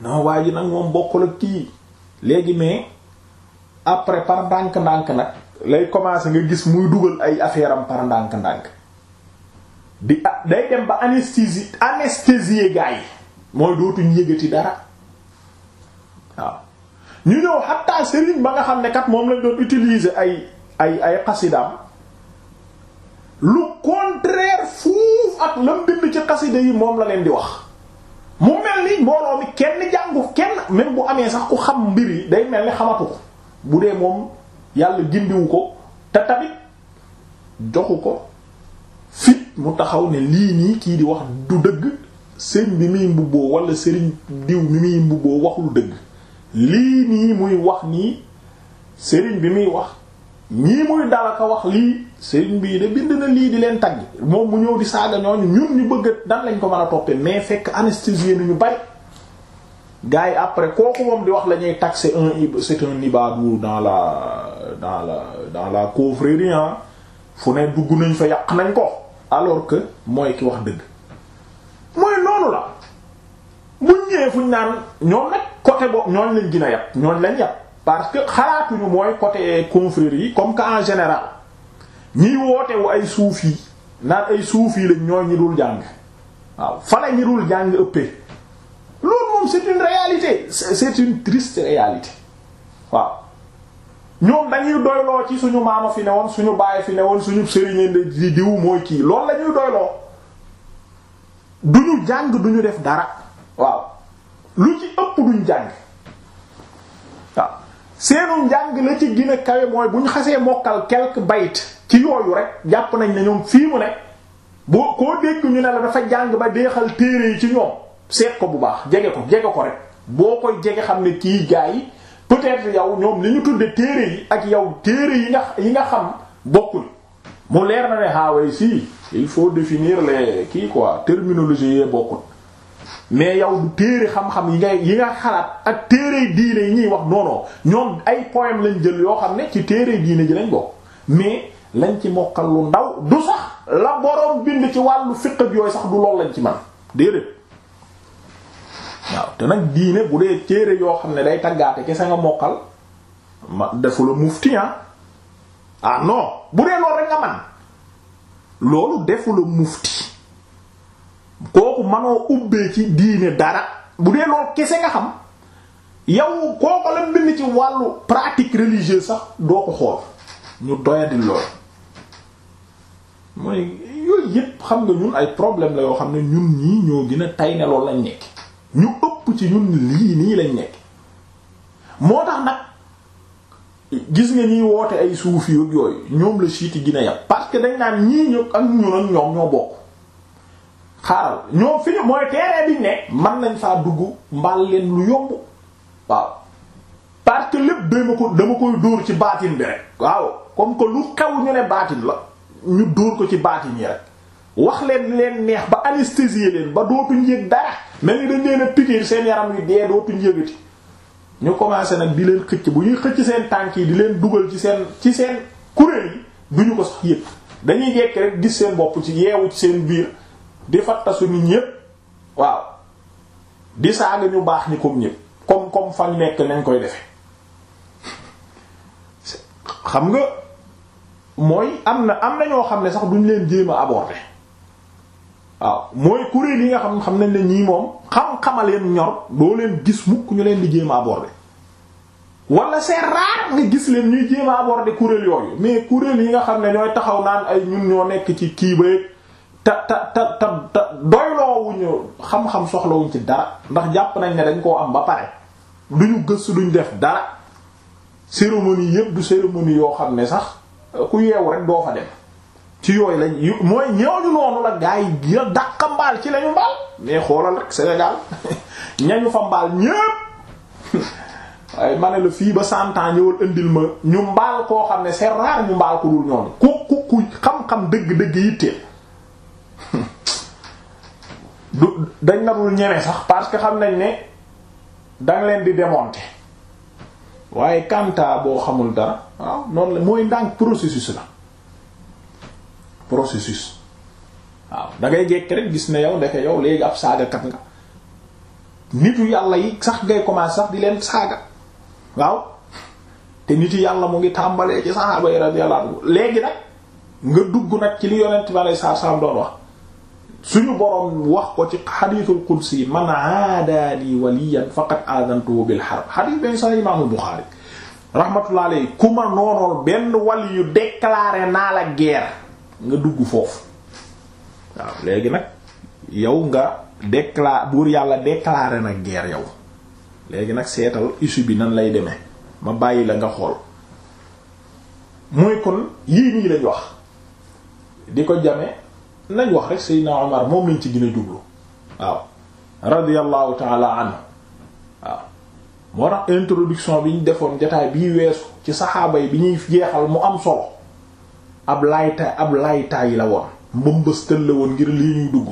non waaj yi nag moom bokkul ak kii léegi mais après par ndànk-ndànk nag lay commencer nga gis muy dugal ay affaire am par ndànk-ndànk di ah day dem ba anesthésie anesthésier gaa yi mooy dootuñ yëgati dara waaw ñu ñëw xattaa sëriñ ba nga xam ne kat moom lañ doon utiliser ay ay ay xasidaam lu contraire fuuf ak lam bind ci xasida yi moom la leen di wax mu mel ni mbooloo mi kenn jàngu kenn même bu amee sax ku xam mbir yi day mel ni xamatu ko bu dee moom yàlla gindiwu ko te tamit joxu ko fit mu taxaw ne lii nii kii di wax du dëgg sëñ bi muy mbubboo wala sëriñ diw mi muy mbubboo waxul dëgg lii nii muy wax nii sëriñ bi muy wax ñii muy dalaka wax lii sëriñ bii de bind na lii di leen tagg moom mu ñëw di saaga ñooñu ñun ñu bëgg dan lañ ko mën a toppee mais fekk anesthésie nu ñu bari gars yi après kooku moom di wax la ñuy tag c'est un c'est un ibadu dans la dans la dans la confrérie fu ne dugg nañ fa yàq nañ ko alors que mooy ki wax dëgg mooy noonu la buñ ñëwee fuñ naan ñoom nag côté boobu ñooñ lañ gën a yàpp ñooñ lañ yàpp parce que xalaatuñu mooy côté confrérie yi comme que en général ñiy woote wu ay suuf yi naan ay suuf yi lañ ñooy ñi dul jàng waaw fa ñi dul jàng ëppee loolu moom c'est une réalité c'est une triste réalité waaw ñoom dañuy doyloo ci suñu maama fi ne woon suñu baay fi ne woon suñu sëriñ di diw mooy kii loolu la ñuy doyloo duñu jàng duñu def dara waaw lu ci ëpp duñ jàng. seenu njàng la ci gina kawe mooy bu ñu xasee mokkal quelque bayt ci yooyu rek jàpp nañ ne ñoom fii mu ne boo koo dégg ñu ne la dafa jàng ba deexal téere yi ci ñoom seet ko bu baax jege ko jege ko rek boo koy jege xam ne kii gaa yi peut-être yow ñoom li ñu tudde téere yi ak yow téere yi nga yi nga xam bokkul mu leer na ne haaway ah si il faut définir les kii quoi terminologie yee bokkul mais yow du téere xam-xam yi ngay yi xalaat ak téere diine yi ñuy wax non non ñoom ay poème lañ jël yoo xam ne ci téere diine ji lañ bokk mais lañ ci mokkal lu ndaw du sax la boroom bind ci wàllu fiqh ak yooyu sax du lool lañ ci man déedéet waaw te nag diine bu dee téere yoo xam ne day taggaate kese nga mokkal ma defu la mufti ah. ah non bu dee loolu rek nga man loolu defu la mufti kooku manoo ubbee ci diine dara bu dee loolu kese nga xam yow kooku la bind ci wàllu pratique religieuse sax doo ko xool ñu doyadi lool mooy yooyu yépp xam nga ñun ay problème la yoo xam ne ñun ñi ñoo gën tey tay ne loolu lañ nekk ñu ëpp ci ñun lii nii lañ nekk moo tax nag gis nga ñuy woote ay suufi yooyu ñoom la siiti gën a parce que dañ naan ñii ñëw ak ñun ak ñoom ñoo bokk xaaral ñoom fi mooy terrain bi ne man nañ faa dugg mbaal leen lu yomb waaw parce que lépp dama ko dama koy dóor ci baatim bi rek waaw comme que lu xew ñu ne baatin la ñu dóor ko ci baatin yi rek wax leen leen neex ba anesthésier leen ba dootuñ yëg dara mel ni dañ leen a piquer seen yaram yu dee dootuñ yëgati ñu commencé nag di leen xëcc bu ñuy xëcc seen tànk yi di leen dugal ci seen ci seen kuréel yi duñu ko sax yëg dañuy jekk rek gis seen bopp ci yeewu ci seen biir di fattasu nit yëpp waaw di saaga ñu baax ñi comme ñépp comme comme fañ nekk nañ koy defe xam nga mooy am na am na ñoo xam ne sax duñ leen jéem a aborder waaw mooy kuréel yi nga xam xam nañ ne ñii moom xam-xamaleen ñor doo leen gis mukk ñu leen di jéem a aborder wala c'est nga gis leen ñuy jéem a aborder kuréel yooyu mais kuréel yi nga xam ne ñooy taxaw naan ay ñun ñoo nekk ci kii ba te te te te te doyloowuñu xam-xam soxlawuñ ci dara ndax jàpp nañ ne dañ koo am ba pare duñu gëstu duñ def dara cérémonie yépp du cérémonie yoo xam ne sax ku yeewu rek doo fa dem ci yooyu lañ mooy ñooñu noonu la gaa yi gën a dàqa mbaal ci lañu mbaal mais xoolal rek Sénégal [laughs] ñañu fa mbaal ñépp waaye ma ne la fii ba cent ans ñëwal indil ma ñu mbaal koo xam ne c'est rare ñu mbaal ko dul ñoom ku ku ku xam-xam dëgg-dëgg yitteel [laughs] du dañ la dul sax parce que xam nañ ne danga leen di démonter waaye kanta boo xamul dara waaw noonu la mooy ndànk processus la processus waaw da ngay jekk rek gis ne yow ndeke yow léegi ab saagakat nga nitu yàlla yi sax ngay commencer sax di leen saaga waaw te nitu yàlla mu ngi tàmbalee ci saxaaba yi radiyallahu léegi nag nga dugg nag ci li yonent bi sallallahu alayhi wasallam doon wax suñu boroom wax ko ci xadiitul qudsi man aada li waliyan faqad aadantuhu bil harb xadiis bi sax imaamul Buxaari rahmatullah alayhi ku ma noonool benn wali yu déclaré naa la guerre nga dugg foofu waaw léegi nag yow nga déclaré buur yàlla déclaré na guerre yow léegi nag seetal issue bi nan lay demee ma bàyyi la nga xool muy kon yii nii lañ wax di ko jame nañ wax rek Seydina Omar moom lañ ci gën a jublu waaw radiyallahu taala anhu waaw moo tax introduction bi ñu defoon jataay bii weesu ci saxaaba yi bi ñuy jeexal mu am solo ab laytaay ab laytaay la woon mbëmbëstël la woon ngir lii ñuy dugg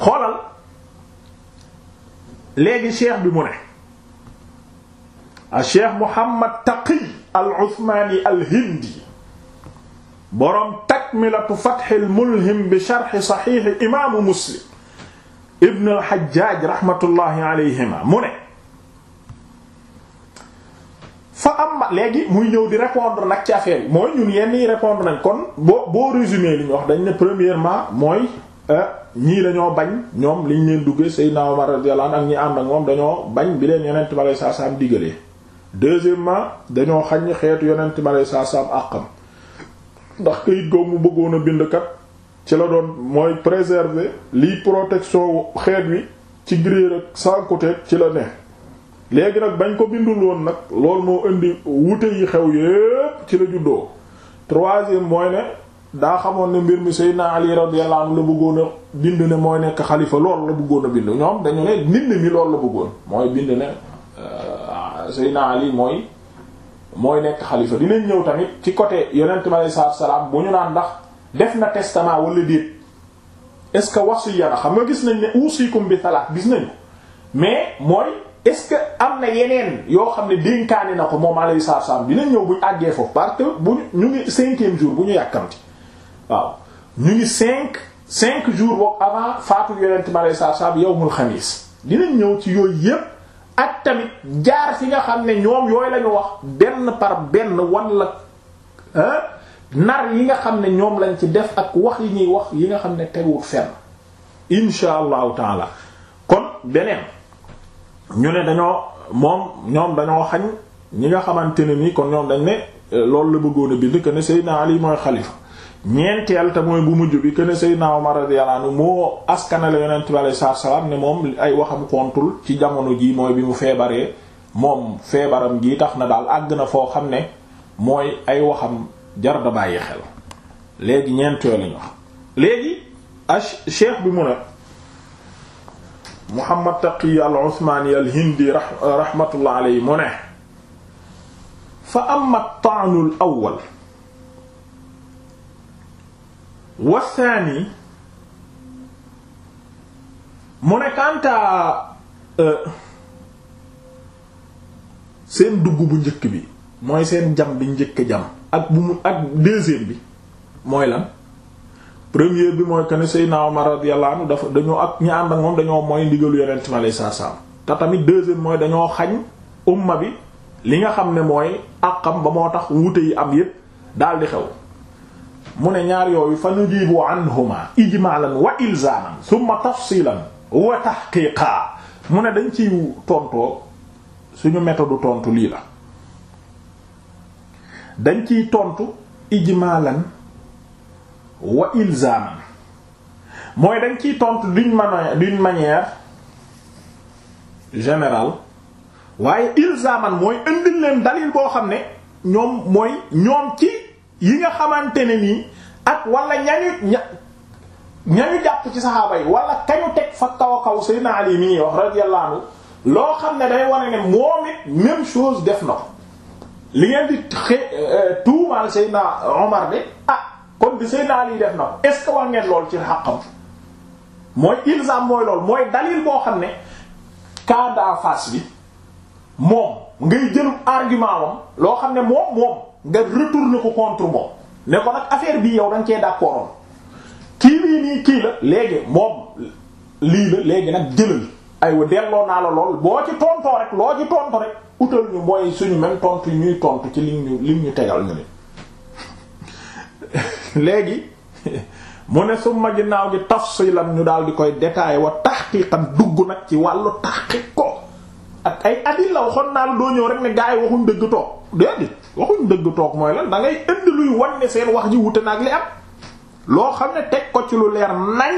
xoolal léegi cheikh bi mu ne a Muhammad Taqi al Usmani al Hindi borom takmilatu fathil mulhim bi sharxi saxiixi imaamu muslim ibn al hajjaaj rahmatullahi alayhima mu ne fa amma léegi muy ñëw di répondre nag ci affaire yi mooy ñun yenn répondre nañ kon boo boo résumé li wax dañ ne premièrement mooy euh, ñii dañoo bañ ñoom liñ leen duggee Seydina Omar radiyallahu anhu ak ñi ànd ak moom dañoo bañ bi leen yonent bi alayhi salaam digalee deuxièmement dañoo xañ xeetu yonent bi alayhi salaam àqam ndax kayit googu mu bëggoon a bind kat ci la doon mooy préserver liy protection xeet wi ci gréer ak sànkuteeg ci la ne léegi nag bañ ko bindul woon nag loolu moo indi wute yi xew yépp ci la juddoo troisième mooy ne daa xamoon ne mbir mi Seydina Ali radiyallahu anhu la bëggoon a bind ne mooy nekk xalifa loolu la bëggoon a bind ñoom dañu ne nit mi loolu la bëggoon mooy bind ne euh, Seydina Ali mooy mooy nekk xalifa dinañ ñëw tamit ci côté yonent bi alei salaam bu ñu naan ndax def na testament wala déet est-ce que wasiya na xam nga gis nañ ne usikum bi talaat gis nañu mais mooy est-ce que am na yeneen yoo xam ne dénkaane na ko moom alayhi salaam dinañ ñëw bu ñu àggee foofu parce que bu ñu ngi cinquième jour bu ñu yàkkamti waaw ñu ngi cinq cinq jours boobu avant faatu yonent bi alayhi salaam yawmul xamiis dinañ ñëw ci yooyu yépp ak tamit jaar fi nga xam ne ñoom yooyu lañu wax benn par benn wan la nar yi nga xam ne ñoom lañ ci def ak wax yi ñuy wax yi nga xam ne teguwul fenn insha allahu taala kon beneen ñu ne dañoo moom ñoom dañoo xañ ñi nga xamante ne nii kon ñoom dañ ne euh, loolu la bëggoon a bind que ne Seydina Ali mooy xalifa ñeenteel te mooy bu mujj bi na Seydina Omar radiyallahu anhu moo askanale yonent bi alayhi salaam ne moom ay waxam kontul ci jamono ji mooy bi mu feebaree moom feebaram gi tax na daal àgg na foo xam ne mooy ay waxam jar da bàyyi xel léegi ñeenteel lañu léegi ah cheikh bi mu ne Muhammad Taqi al-Usmani al-Hindi rahmatullah alayhi mu ne fa amma at-ta'nu al-awwal wasaani mu ne kanta euh, seen dugg bu njëkk bi mooy seen jam bi njëkk jam ak bu mu ak deuxième bi mooy lan première bi mooy que ne Seydina Omar radiyallahu dafa dañoo ak ñi ànd moom dañoo mooy ndigalu yeneen mi alayhi salaam te tamit deuxième mooy dañoo xañ umma bi li nga xam ne mooy àqam ba moo tax wuute yi am yépp daal di xew mu ne ñaar yooyu fa nujibu anhuma ijmalan wa ilzaman thumma tafsilan wa tahqiqa mu ne dañ ci tontoo suñu méthode tontu lii la dañ ciy tontu ijmalan wa ilzaman mooy dañ ciy tontu d'une manière manière générale waaye ilzaman mooy indil leen dalil boo xam ne ñoom mooy ñoom ci yi nga xamante ne nii ak wala ñañu ña ñañu jàpp ci saxaaba yi wala kañu teg fa kaw a kaw na Ali mi wax radiyallahu anhu loo xam ne day wane ne moom it même chose def na ko li ngeen di euh, tuumaal Seydina Omar bi ah kon di Seydina Ali def na ko est ce ngeen lool ci xàqam mooy ilzam mooy lool mooy dalil boo xam ne cas face bi moom ngay jëlum argument wam loo xam ne moom moom nga retourner ko contre moom ne ko nag affaire bi yow da nga cee d'accordoon kii lii nii kii la léegi moom lii la léegi nag jëlal ay delloo naa la lool boo ci tontoo rek loo ci tontu rek utal ñu mooy suñu mel tontu ñuy tontu ci liñ ñu liñ ñu tegal ñu ne [laughs] léegi [laughs] mu ne summa ginnaaw gi tafsilan ñu daal di koy détaillé wa tahqiqan dugg nag ci wàllu tahqiq ko ak ay adilla waxoon naa la doo ñëw rek ne gaa yi waxuñ dëgg toog déedéet waxuñ dëgg toog mooy lan da ngay indi luy wanne seen wax ji wute naag li am loo xam ne teg ko ci lu leer nañ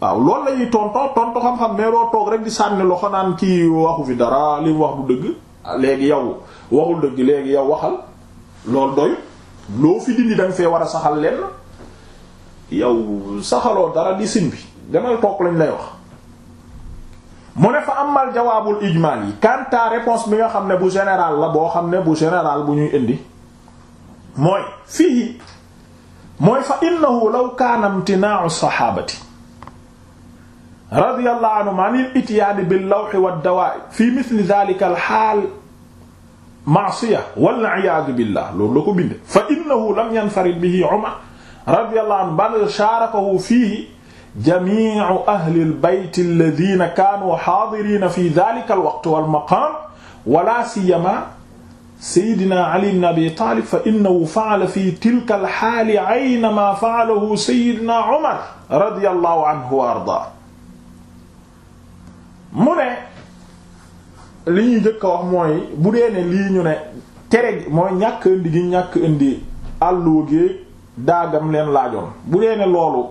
waaw loolu la ñuy tontoo tontu xam-xam mais doo toog rek di sànni loxo naan kii waxu fi dara li mu wax du dëgg ah, léegi yow waxul dëgg léegi yow waxal loolu doy loo fi dindi da fee war a saxal lenn yow saxaloo dara di sin bi demal toog lañ lay wax mu ne fa amal jawaabul ijmaal yi quant à réponse bi nga xam ne bu général la boo xam ne bu général bu ñuy indi mooy fii mooy fa innahu law kaana imtinaa'u saxaabati radiyallahu anhum an al-ityaani bil lawhi wad dawaa'i fi mithli dhaalika al-haal ma'siya wal iyaadu billah loolu la ko bindee fa innahu lam yanfarid bihi Umar radiyallahu anhu bal shaarakahu fiihi jamiicu ahlil bayti alladiina kaanu xaadiriina fi daalika alwaqti wal maqaam wala siyamaa sayyidinaa Ali ibn Abi Taalib fa innahu fa'ala fi tilka alxaali ayna maa fa'alahu sayyidinaa Umar radiyallaahu anhu wa ardaa mu ne li ñuy njëkk a wax mooy bu dee ne lii ñu ne tere mooy ñàkk indi gi ñàkk indi àlluwa gi daagam leen laajoon bu dee ne loolu.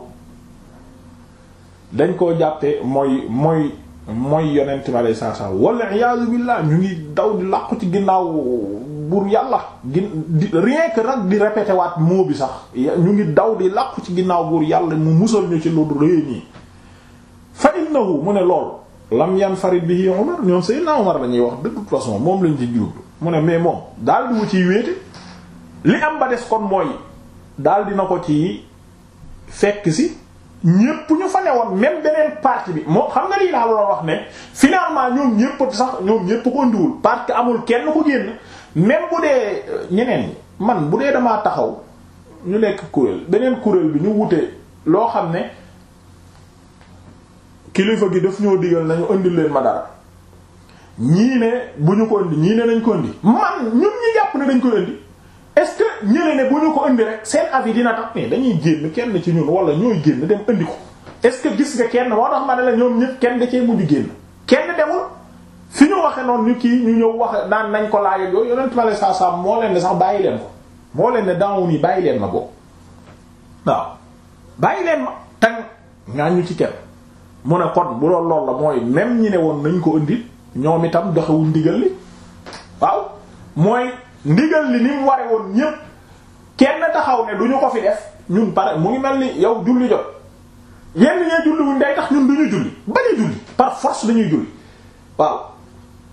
dañ koo jàppee mooy mooy mooy yonent mi aleyhi salaatu salaam wala iyaazu billaah ñu ngi daw di làqu ci ginnaaw buur yàlla gin di rien que nag di répété moo bi sax ñu ngi daw di làqu ci ginnaaw buur yàlla mu musal ñu ci lu rëy nii fa innahu mu ne lool lam yan farid bi Umar ñoom Seydina Umar la ñuy wax de toute façon moom lañ ci jublu mu ne mais moom daal di wu ciy wéete li am ba des kon mooy daal dina ko ci fekk si ñépp ñu fa newoon même beneen partie bi moo xam nga lii laa la wax ne finalement ñoom ñépp sax ñoom ñépp ko ndiwul parce que amul kenn ko génn même bu dee euh, ñeneen man bu dee damaa taxaw ñu nekk kuréel beneen kuréel bi ñu wute loo xam ne kilifa gi daf ñoo digal nañu indi leen ma dara ñii ne bu ñu ko indi ñii ne nañ ko indi man ñun ñu jàpp ne dañ ko indi est-ce que ñële ne bu ñu ko indi rek seen avis dina tax mais dañuy génn kenn ci ñun wala ñooy génn dem indi ko est-ce que gis nga kenn moo tax ma ne la ñoom ñëpp kenn da cee mujj génn kenn fi ñu waxe noonu ñu kii ñu ñëw wax naan nañ ko laaj ak yooyu saa saa moo leen ne sax bàyyi leen ko moo leen ne daawu nii bàyyi leen ma boobu waaw bàyyi leen ma tàng ngaa ñu ci kenn mu ne kon bu doon lool la mooy même ñu ne woon nañ ko indi ñoom itam doxewuñ ndigal li waaw mooy. ndigal li ni mu ware woon ñëpp kenn taxaw ne duñu ko fi def ñun pare mu ngi mel ni yow julli jot yenn ñee julli wuñ day tax ñun duñu julli bañu julli par force dañuy julli waaw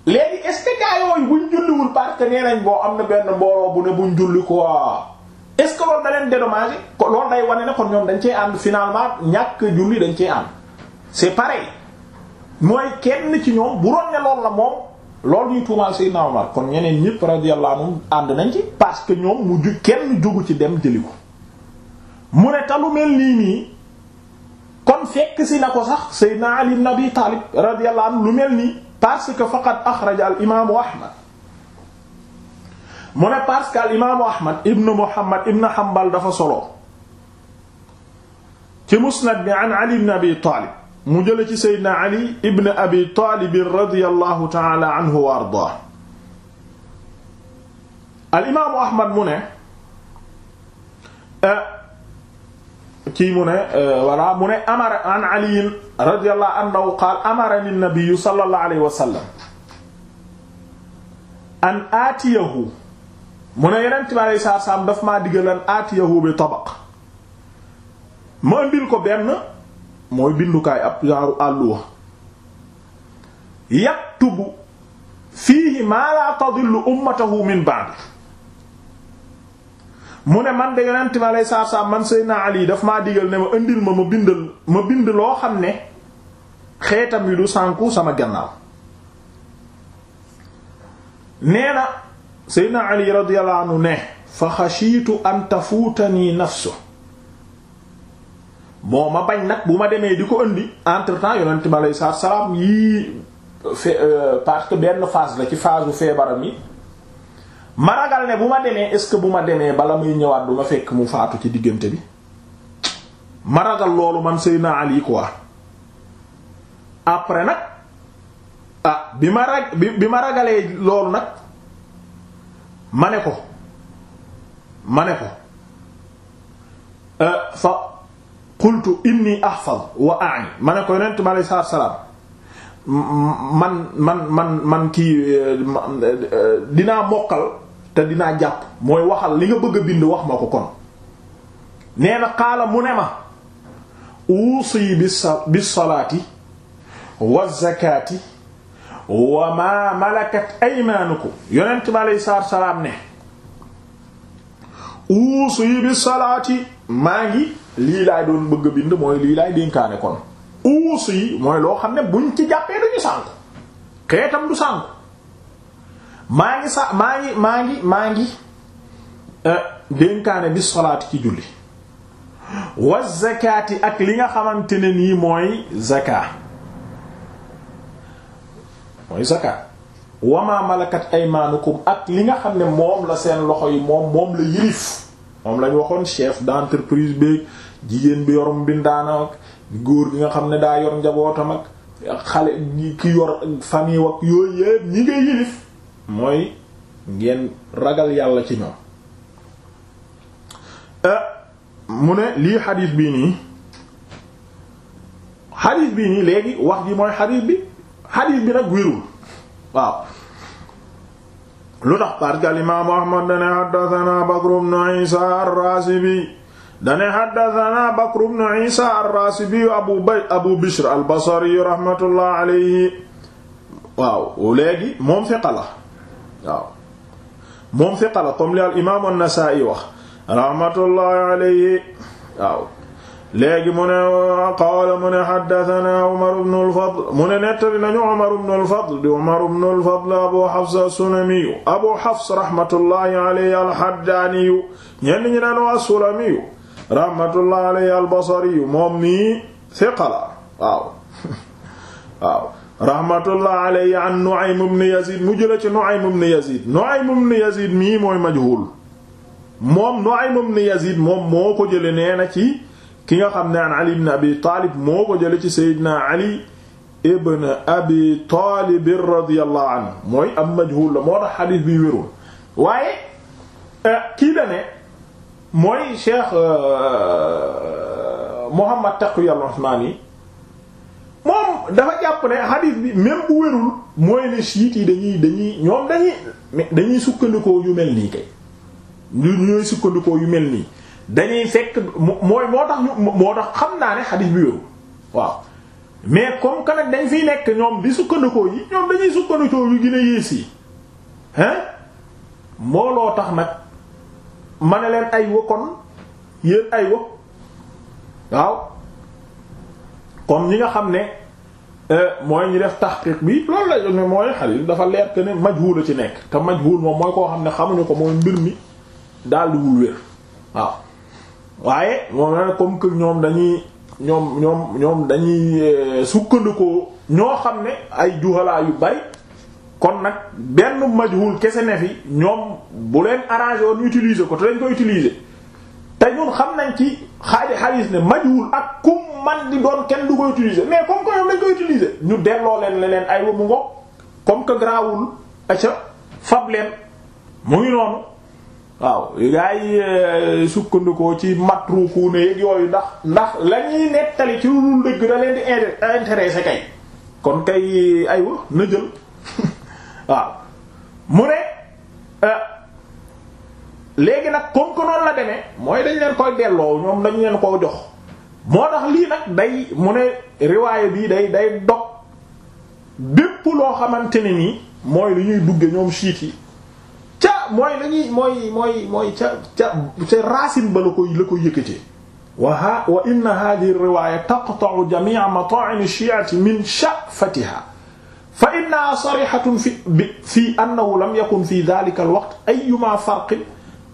léegi est-ce que gaa yooyu buñ julliwul par que nee nañ boo am na benn mbooloo bu ne buñ julli quoi est-ce que loolu da leen dédommagé loolu day wane ne kon ñoom dañ cee ànd finalement ñàkk julli dañ cee ànd c'est pareil mooy kenn ci ñoom bu doon ne loolu la moom loolu ñuy tuumaal Seydina Omar kon ñeneen ñëpp radiyallahu anhum ànd nañ ci parce que ñoom mu ju kenn jógu ci dem jëli ko mu ne ta lu mel nii nii kon fekk si na ko sax Seydina Ali ibn Abi Talib radiyallahu anhu lu mel nii parce que faqad axraja al imaamu Ahmad mu ne parce que al Ahmad ibn Muhammad ibn Hanbal dafa solo ci musnad bi an Ali ibn Abi Talib mu jële ci seydna ali ibn abi taalib radiallahu taala anhu wa ardaa al imaamu ahmad mu ne eh, kii mu ne walla eh, mu ne amara an aliyin radiallahu anhu qaal amarani nabiyu sallallahu alayhi wa sallam an aatiyahu mu ne yenent bi alayhi salaam daf maa diggal an aatiyahu bi tabaq ma ëndil ko benn mooy bindukaay ab genre àlluwa yaktubu fiihi maa laa tadillu ummatahu min ba'd mu ne man de yonent ma lay saar saar man Seydina Ali dafa maa digal ne ma indil ma ma bind loo xam ne xeetam yi du sànku sama gannaaw nee na Seydina Ali radiyallahu anhu ne fa xashiitu an tafuutani nafsu bon ma bañ nag bu ma demee di ko indi entre temps yonent bi aleyhi salaatu salaam yii fe euh, parce que benn phase la ci phase u feebaram yi ma ragal ne bu ma demee est-ce que bu ma demee bala muy ñëwaat du ma fekk mu faatu ci diggante bi ma ragal loolu man Seydina Ali quoi après nag ah bi ma rag bi ma ragalee loolu nag ma ne ko ma ne ko euh, fa qultu inni ahfaz wa a'ni ma ne ko yonent bi salaam man man man kii dinaa mokkal te dinaa jàpp mooy waxal li nga bëgg a bind wax ma ko kon nee na mu ne ma uusi bis salaati wa zakaati wa maa malakat aymaanukum yonent bi salaam ne uusi bis salaati maa ngi lii laay doon bëgg a bind mooy lii laay dénkaane kon uus yi mooy loo xam ne buñ ci jàppee duñu sànku xeetam du sànku maa ngi sa maa ngi maa ngi maa ngi eh, dénkaane bi solaati ci julli wa zakaati ak li nga xamante ne nii mooy zakaa mooy zakaa wamaa malakat aymaanukum ak li nga xam ne moom la seen loxo yi moom moom la yilif moom lañ waxoon chef d'entreprise beeg jigéen bi yor mbindaana ak góor gi nga xam ne daa yor njabootam ak xale ki yor famille wak yooyu yépp ñi ngay yilif mooy ngeen ragal yàlla ci ñoom eh, mu ne lii xadiis bii nii xadiis bi nii léegi wax ji mooy xadiis bi xadiis bi nag wérul waaw lu tax parce que alimaamu ahmad dane xaddatanaa bakru bnu isa arraasibi dane xaddatanaa bakru bnu isa arraasibi abu bay abu bishr albasari rahmatullah alayhi waaw léegi moom fiqa la waaw moom fiqa la comme li al imaamu annasaa'i wax rahmatullahi alayhi waaw léegi mu ne qaala mu ne haddathana Umar ibn al-Fadl nañu Umar ibn al Abu Hafs as Abu Hafs rahmatullahi alayhi al-Haddani ñenn ñi naan as-Sulami rahmatullahi alayhi al-Basri moom mi thiqa la waaw [laughs] waaw rahmatullahi alayhi an Nu'aym mu jëla ci Nu'aym ibn Yazid Nu'aym Yazid mii mooy majhul moom Nu'aym ibn Yazid moom moo ko jële nee na ci ki nga xam ne an Ali ibn Abi Taalib moo ko jële ci Seydina Ali ibn Abi Taalib radiyallahu anhu mooy am majhul la moo tax xadiis bi wérul waaye eh, kii la ne mooy Cheikh euh, Muhammad Taqi al-Usmani moom dafa jàpp ne xadiis bi même bu wérul mooy ne siit yi dañuy dañuy ñoom dañuy sukkandikoo yu mel nii kay ñooy sukkandikoo yu mel nii dañuy fekk mooy moo tax moo tax xam naa ne xadiis bi wéeru waaw mais comme que nag dañ nekk ñoom di sukkandikoo yi ñoom dañuy sukkandikoo yu gën a yées yi hein mooloo tax nag ma ne leen ay wa kon yéen ay wa waaw kon ñi nga xam ne euh, mooy ñu def taxqiq bi loolu la ñu mooy xadiis dafa leer que ne majhul a ci nekk te majhul moom mooy koo xam ne xamuñu ko mooy mbir mi daal di wul wér waaw waaye moom la comme que ñoom dañuy ñoom ñoom ñoom dañuy euh, sukkandikoo ñoo xam ne ay juhalaa yu bari kon nag benn majhul kese ne fi ñoom bu leen arrangé woon utiliser ko te dañ ko utiliser te ñun xam nañ ci xaaji xaalis ne majhul ak kum man di doon kenn du ko utiliser mais comme que ñoom dañ ko utiliser ñu delloo leen leneen ay wa mu comme que grawul aca fab leen mu ngi noonu waaw gaa yi euh, sukkandikoo ci matruuku ne yëg yooyu ndax ndax lañuy nettali ci lu dul dëgg da leen di intéressé kay kon kay aywa na jël [laughs] waaw mu ne euh, léegi nag comme que noonu la demee mooy dañ leen koy delloo ñoom dañ leen koo jox moo tax lii nag day mu ne riwaaye bii day day dog dépp loo xamante ne nii mooy li ñuy dugge ñoom siit yi mooy la ñuy mooy mooy mooy ca ca ca racine ba la koy la koy yëkkatee wa wa inna hadhihi riwaya taqta'u jami'a mata'im ash-shi'ati min sha'fatiha fa innaha sarihatun fi fi annahu lam yakun fi dhalika al-waqt ayyuma farqin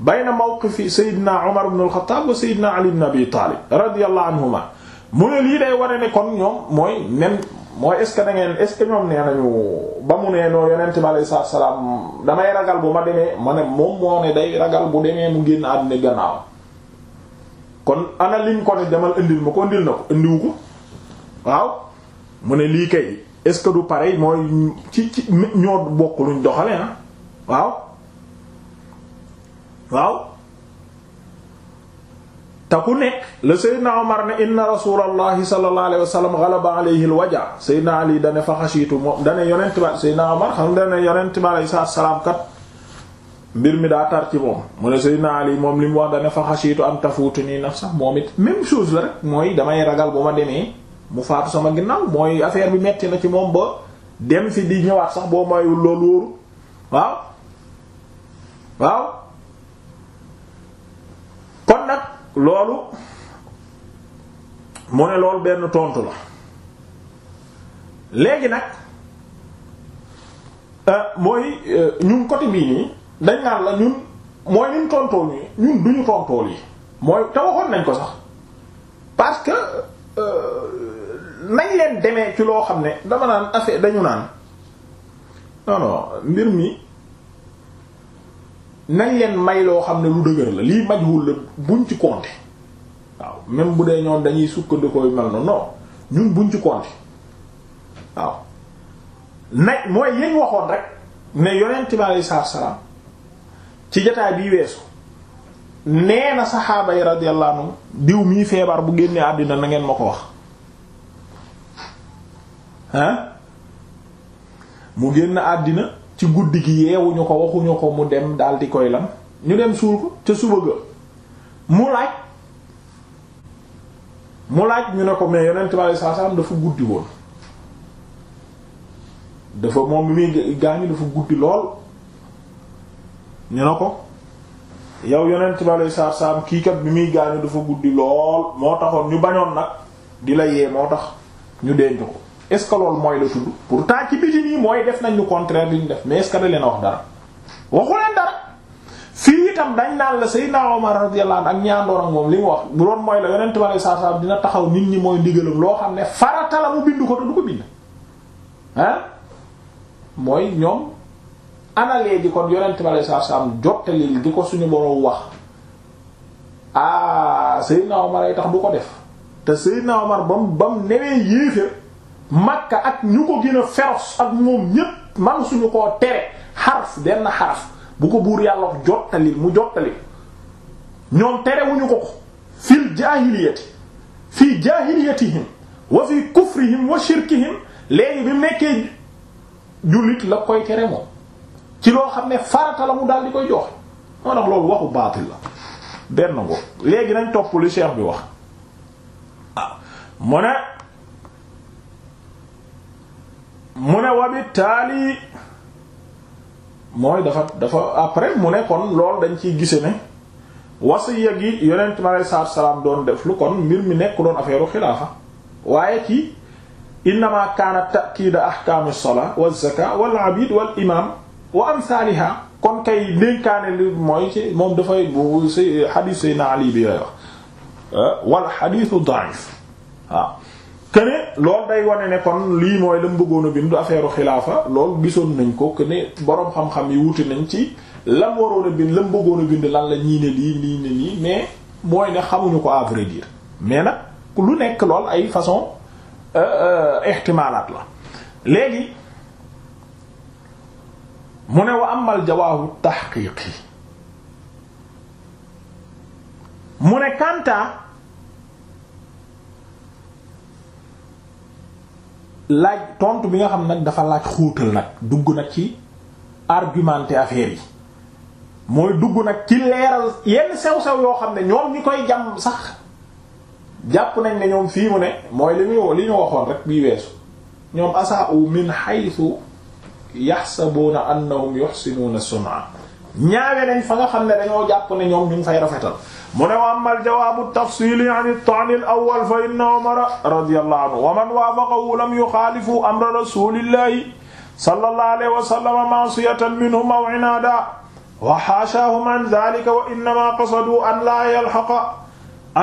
bayna mawqifi sayyidina Umar ibn al-Khattab wa sayyidina Ali ibn Abi Talib radiyallahu anhuma mu ne lii day wone ne kon ñoom mooy même mooy est-ce que da ñoom nee nañu ba mu nee noo yonent bi alayhi salaatu salaam damay ragal bu ma demee ma ne moom moo ne day ragal bu demee mu génn àddina gannaaw kon ana liñ ko ne demal indil ma ko indil ko indiwu ko waaw mu ne lii kay est-ce que du pareil mooy ci ci ñoo bokk luñ doxale ah waaw waaw te ku nekk la Seydina Omar ne inna rasulallahi sallallahu alayhi wa sallam ghalaba alayhi alwaja Seydina Ali dane fa xasiitu moom dane yonent ba Seydina Omar xam dane yonent ba alayhi salaam mbir mi daa tar ci moom mu ne Seydina Ali moom li mu wax dane fa xasiitu an tafuutu nii naf sax moom it même chose la rek mooy damay ragal bu ma demee mu faatu sama ginnaaw mooy affaire bi metti na ci moom ba dem fi di ñëwaat sax boo mooy loolu wóoru waaw waaw loolu mu ne loolu benn tontu la léegi nag euh, mooy euh, ñun côté bii nii dañ naan la ñun mooy ñun tontool yi ñun duñu tontool yi mooy te nañ ko sax parce que euh, nañ leen demee ci loo xam ne dama naan affaire dañu naan non non mi nañ leen may loo xam ne lu dëgër la lii majhul la buñ ci compter waaw même bu dee ñoom dañuy sukkandikoo yu mel noonu non ñun buñ ci compter waaw na mooy yéen waxoon rek ne yonent bi salaam ci jotaay bii weesu nee na saxaaba yi radiyallahu anhum diw mii feebar bu génnee àddina na ngeen ma ko wax ah mu génn àddina ci guddi gi yeewuñu ko waxuñu ko mu dem daal di koy lan ñu dem suul ko ca suba ga mu laaj mu laaj ñu ne ko mais yonent bi aleyhi salaatu salaam dafa guddi woon dafa moom mi muy gaañu dafa guddi lool ñu ne ko yow yonent bi aleyhi salaatu salaam kii kat bi muy gaañu dafa guddi lool moo taxoon ñu bañoon nag di la yee moo tax ñu denc ko est ce que loolu mooy la tudd pourtant ci biti nii mooy def nañ lu contraire li ñu def mais est ce que leen a wax dara waxu leen dara fii itam dañ naan la Seydina Omar ak ñaandoor ak moom li mu wax bu doon mooy la yonent bi saa saa dina taxaw nit ñi mooy ndigalam loo xam ne farata la mu bind ko te du ko bind ah mooy ñoom analee di ko yonent bi saa saa jottalil di ko suñu borom wax ah Seydina Omar ay tax du ko def te Seydina Omar ba ba mu newee makka ak ñu ko gën a féroce ak moom ñépp man koo tere xaraf benn xaraf bu ko buur yàlla jottali mu jottali ñoom terewuñu ko ko fil jaahiliyati fii jaahiliyatihim wa fii kufrihim wa shirkihim léegi bi mu nekkee jullit la koy tere moom ci loo xam ne farata la mu daal di koy joxe moo tax loolu waxu baatil la benn ngo léegi nañ topp lu cheikh bi wax ah, mu ne mu ne wa bittaali mooy dafa dafa après mu ne kon loolu dañ ciy gise ne wasiya gi yonent mi salaam doon def lu kon mbir mi nekk doon affaire xilaafa waaye ci innama kaana ta'kiida ahkaami salaa wa zakaa wal abid wal imaam wa amsaaliha kon kay dénkaane li mooy ci moom dafay bu xadiis Seydina Ali bi lay wax wal xadiisu da'if waaw këne lool day wane ne kon lii mooy la mu bëggoon a bindu affaire xilaafa lool gisoon nañ ko këne boroom xam-xam yi wuti nañ ci lam waroon a bind lam bëggoon a bind lan la ñii ne lii nii ne nii mais mooy ne xamuñu ko à vrai mais nag lu nekk lool ay façon euh, euh, ihtimaalaat la léegi mu ne wa amal jawaabu tahqiiqi mu ne kanta laaj tontu bi nga xam nag dafa laaj xóotal nag dugg nag ci argumenter affaire yi mooy dugg nag ci leeral yenn sew-sew yoo xam ne ñoom ñi koy jàmm sax jàpp nañ ne ñoom fii mu ne mooy li ñu li ñu waxoon rek bii weesu ñoom asaa'u min haythu yahsabuna annahum yuhsinuna sunaa ñaawe nañ fa nga xam ne dañoo jàpp ne ñoom ñu ngi fay rafetal mu ne wa ammal jawaabu tafsiili an at-ta'n al-awwal fa inna Umara radiyallahu anhu wa man waafaqahu lam yuxaalifu amra rasuulillahi sallallahu alayhi wa sallam ma'siyatan minhum aw inaadan wa haashaahum an dhaalika wa innamaa qasaduu an laa yalhaqa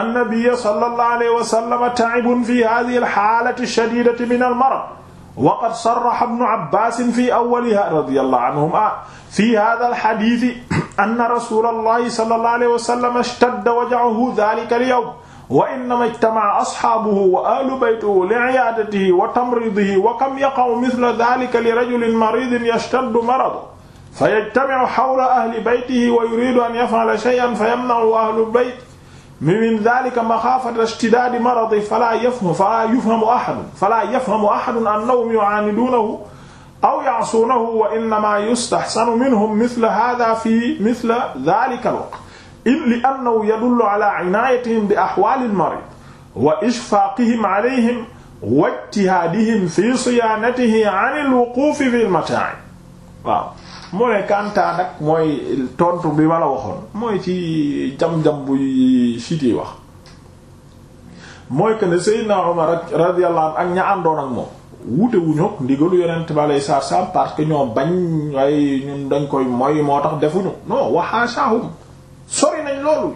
an-nabiyya sallallahu alayhi wa sallam taa'ibun fi haadhihi al-haalati ash-shadiidati min al-marad wa qad sarraha ibnu abbaasin fi awwaliha radiyallahu anhuma fi haadha al-hadiith anna rasuulallahi sallallahu alayhi wa sallam ishtadda waj'uhu dhaalika al-yawm wa innama ijtama'a ashaabuhu wa ahlu baytihi li'iyaadatihi wa tamriidihi wa kam yaqa'u mithla dhaalika li rajulin mariidin yashtaddu maradahu fayajtami'u hawla ahli baytihi wa yuriidu an yaf'ala shay'an fayamna'uhu ahlu baytihi min dhalika maxaafata ishtidaadi maradi falaa yafhamu falaa yufhamu ahadun falaa yafhamu ahadun annahum yu'aaniduunahu aw ya'suunahu wa innamaa yustahsanu minhum mithla haadha fii mithla dhalika al-waqt li'annahu yadullu alaa inaayatihim bi ahwaali al-mariid wa ishfaaqihim alayhim wa ijtihaadihim fii siyaanatihi an al-wuquufi fil mataa'i waaw mu ne kantaa nag mooy tontu bi ma la waxoon mooy ci jam-jam bu siit yi wax mooy que ne Seydina Omar radiyallahu anhu ak ña àndoon ak moom wuute wuñu ndigalu yonent bi alei saatu salaam parce que ñoo bañ ay ñun dañ koy moy moo tax defuñu non waxaasahum sori nañ loolu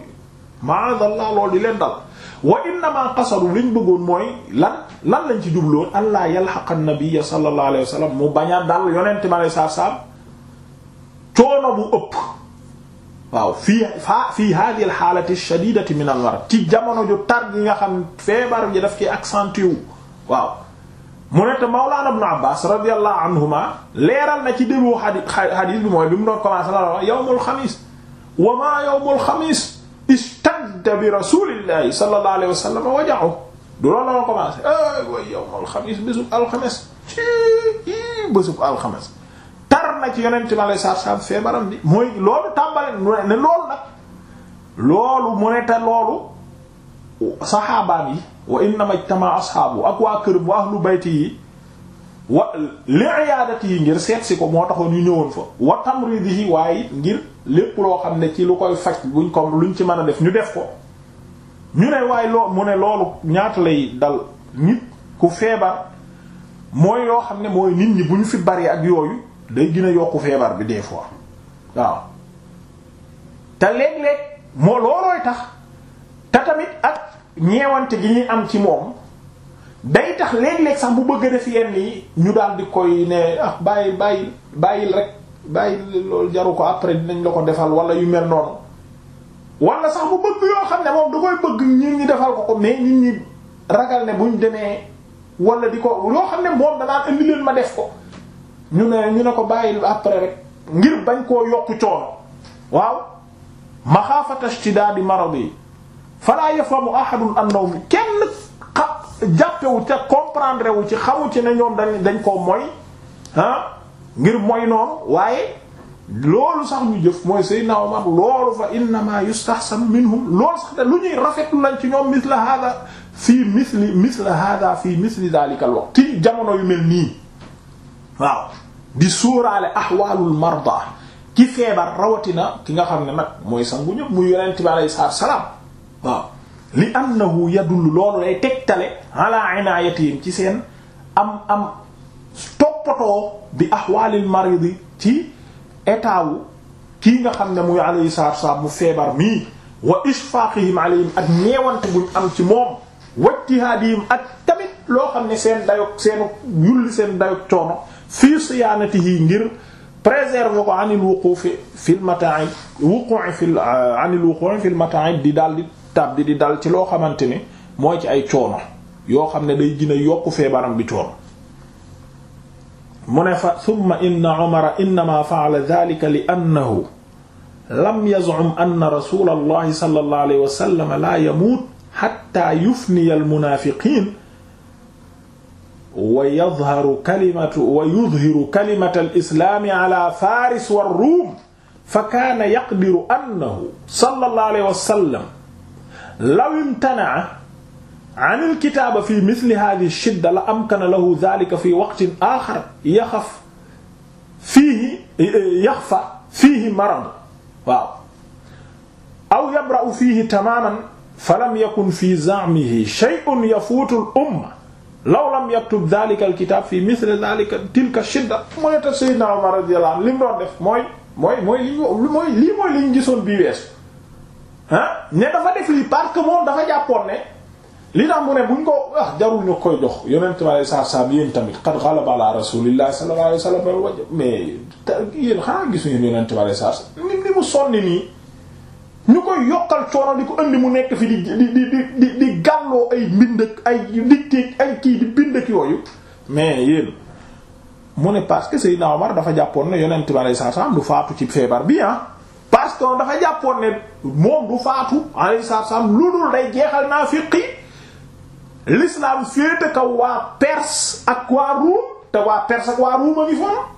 maadallah loolu di leen dal wa innama qasaru liñ bëggoon mooy lan lan lañ ci jubloon allah yalxaq an nabiyya sallallahu alayhi wa sallam mu bañ a dal yonent bi alei saatu salaam coono bu ëpp waaw fii fa fii hadi al xaalati shadidati min al ci jamono ju tar gi nga xam feebar ji daf ci accentué wu waaw mu ne te Mawlaana Ibn Abbaas radiyallahu anhuma leeral na ci début xadiis bi mooy mu doon commencé la wax yawmul xamiis wa maa yawmul xamiis istadda bi rasuulillaahi sallallahu alayhi wa sallam waja'u du loolu la commencé ay way yawmul xamiis bésub alxames bésub na ci yonent ma lay sarsam feebaram bi mooy loolu tàmbale ne loolu nag loolu mu ne te loolu saxaabaam yi wa innama ijtama ashaabu ak waa kër bu ahlu bayti yi wa li iyaadati yi ngir seet si ko moo taxoon ñu ñëwoon fa wa tamridihi waaye ngir lépp loo xam ne ci lu koy faj buñ ko luñ ci mën a def ñu def ko ñu ne waaye loo mu ne loolu ñaata lay dal nit ku feebar mooy yoo xam ne mooy nit ñi bu ñu fi bari ak yooyu day gin a yokku feebar bi des fois waaw te léeg-léeg moo loolooy tax te tamit ak ñeewante gi ñuy am ci moom day tax léeg-léeg sax bu bëgg a def yenn yi ñu daal di koy ne ah bàyyi bàyyi bàyyil rek bàyyil loolu jaru ko après dinañ la ko defal wala yu mel noonu wala sax bu bëgg yoo xam ne moom da koy bëgg ñi ñi defal ko ko mais nit ñi ragal ne ñu demee wala di ko loo xam ne moom danaan indi ma def ko ñu ne ñu ne ko bàyyil après rek ngir bañ koo yokk coono waaw maxaafata ishtidaadi maradi fala yafhamu ahadun annahu kenn xa jàppewu te wu ci xamu ci ñoom dañ dañ koo mooy ah ngir mooy noonu waaye loolu sax ñu jëf mooy Seydina Omar loolu fa innama yustahsan minhum loolu sax lu ñuy rafetlu lañ ci ñoom misla hada fii misli misla hada fii misli daalika al waqt jamono yu mel nii waaw di sóoraale ahwaalul marda ki feebar rawatina ki nga xam ne nag mooy sangu ñëpp muy yonent bi alayhi salaatu salaam waaw li annahu yadullu loolu lay tegtale ala inaayatihim ci seen am am toppatoo bi ahwaalil maridi ci état wu kii nga xam ne muy alayhi salaatu salaam mu feebar mii wa ishfaaqihim alayhim ak ñeewante buñ am ci moom wajtihaadihim ak tamit loo xam ne seen dayog seen yulli seen dayog coono fii siyaanatihi ngir préserver ko anil wuqufi fil mata'i wuqu'i fil euh, anil wuqu'i fil mata'i di dal di tab di di dal ci loo xamante ne mooy ci ay coono yoo xam ne day gën a yokku feebaram bi coono mu ne fa thumma inna umara innama fa'ala dhalika li annahu lam yaz'um anna rasula allahi sallallahu alayhi wa sallam la yamut hatta yufniya al munafiqin wa yadharu kalimatu wa yudhiru kalimata alislaami ala faris wa ruum fa kaana yaqdiru annahu sallallahu alayhi wa sallam law imtana'a an alkitaaba fi mithli hadhihi shidda la amkana lahu dhalika fi waqtin akhar yaxaf fiihi yaxfa fiihi marad waaw aw yabra'u fiihi tamaman falam yakun fi za'mihi shay'un yafuutu al-umma law lam yaktub dhalika al kitab fi misle dhalika tilka shidda mu ne te Seydina Omar radiyallahu anhu li mu doon def mooy mooy mooy li mooy lii mooy li ñu gisoon bii weesu ah ne dafa def lii parce que moom dafa jàppoon ne li tax mu ne buñ ko ah jarul ñu koy jox yonent bi saa saa bi yéen tamit qad ghalaba ala rasulillahi sallallahu alayhi wasallam mais yéen xanaa gisuñu yonent bi saa saa ni mu sonni nii. ñu koy yokkal coono di ko andi mu nekk fi di di di di di gàlloo ay mbind ak ay kii di bind ak yooyu mais yéen mu ne parce que Seydina Omar dafa jàppoon ne yonent bi alayhi salaam du faatu ci feebar bi ah parce que dafa jàppoon ne moom du faatu alayhi salaam lu dul day jeexal naafiqi l'islam féete kaw waa Perse ak waa Ruum te waa Perse ak waa Ruum a ngi foon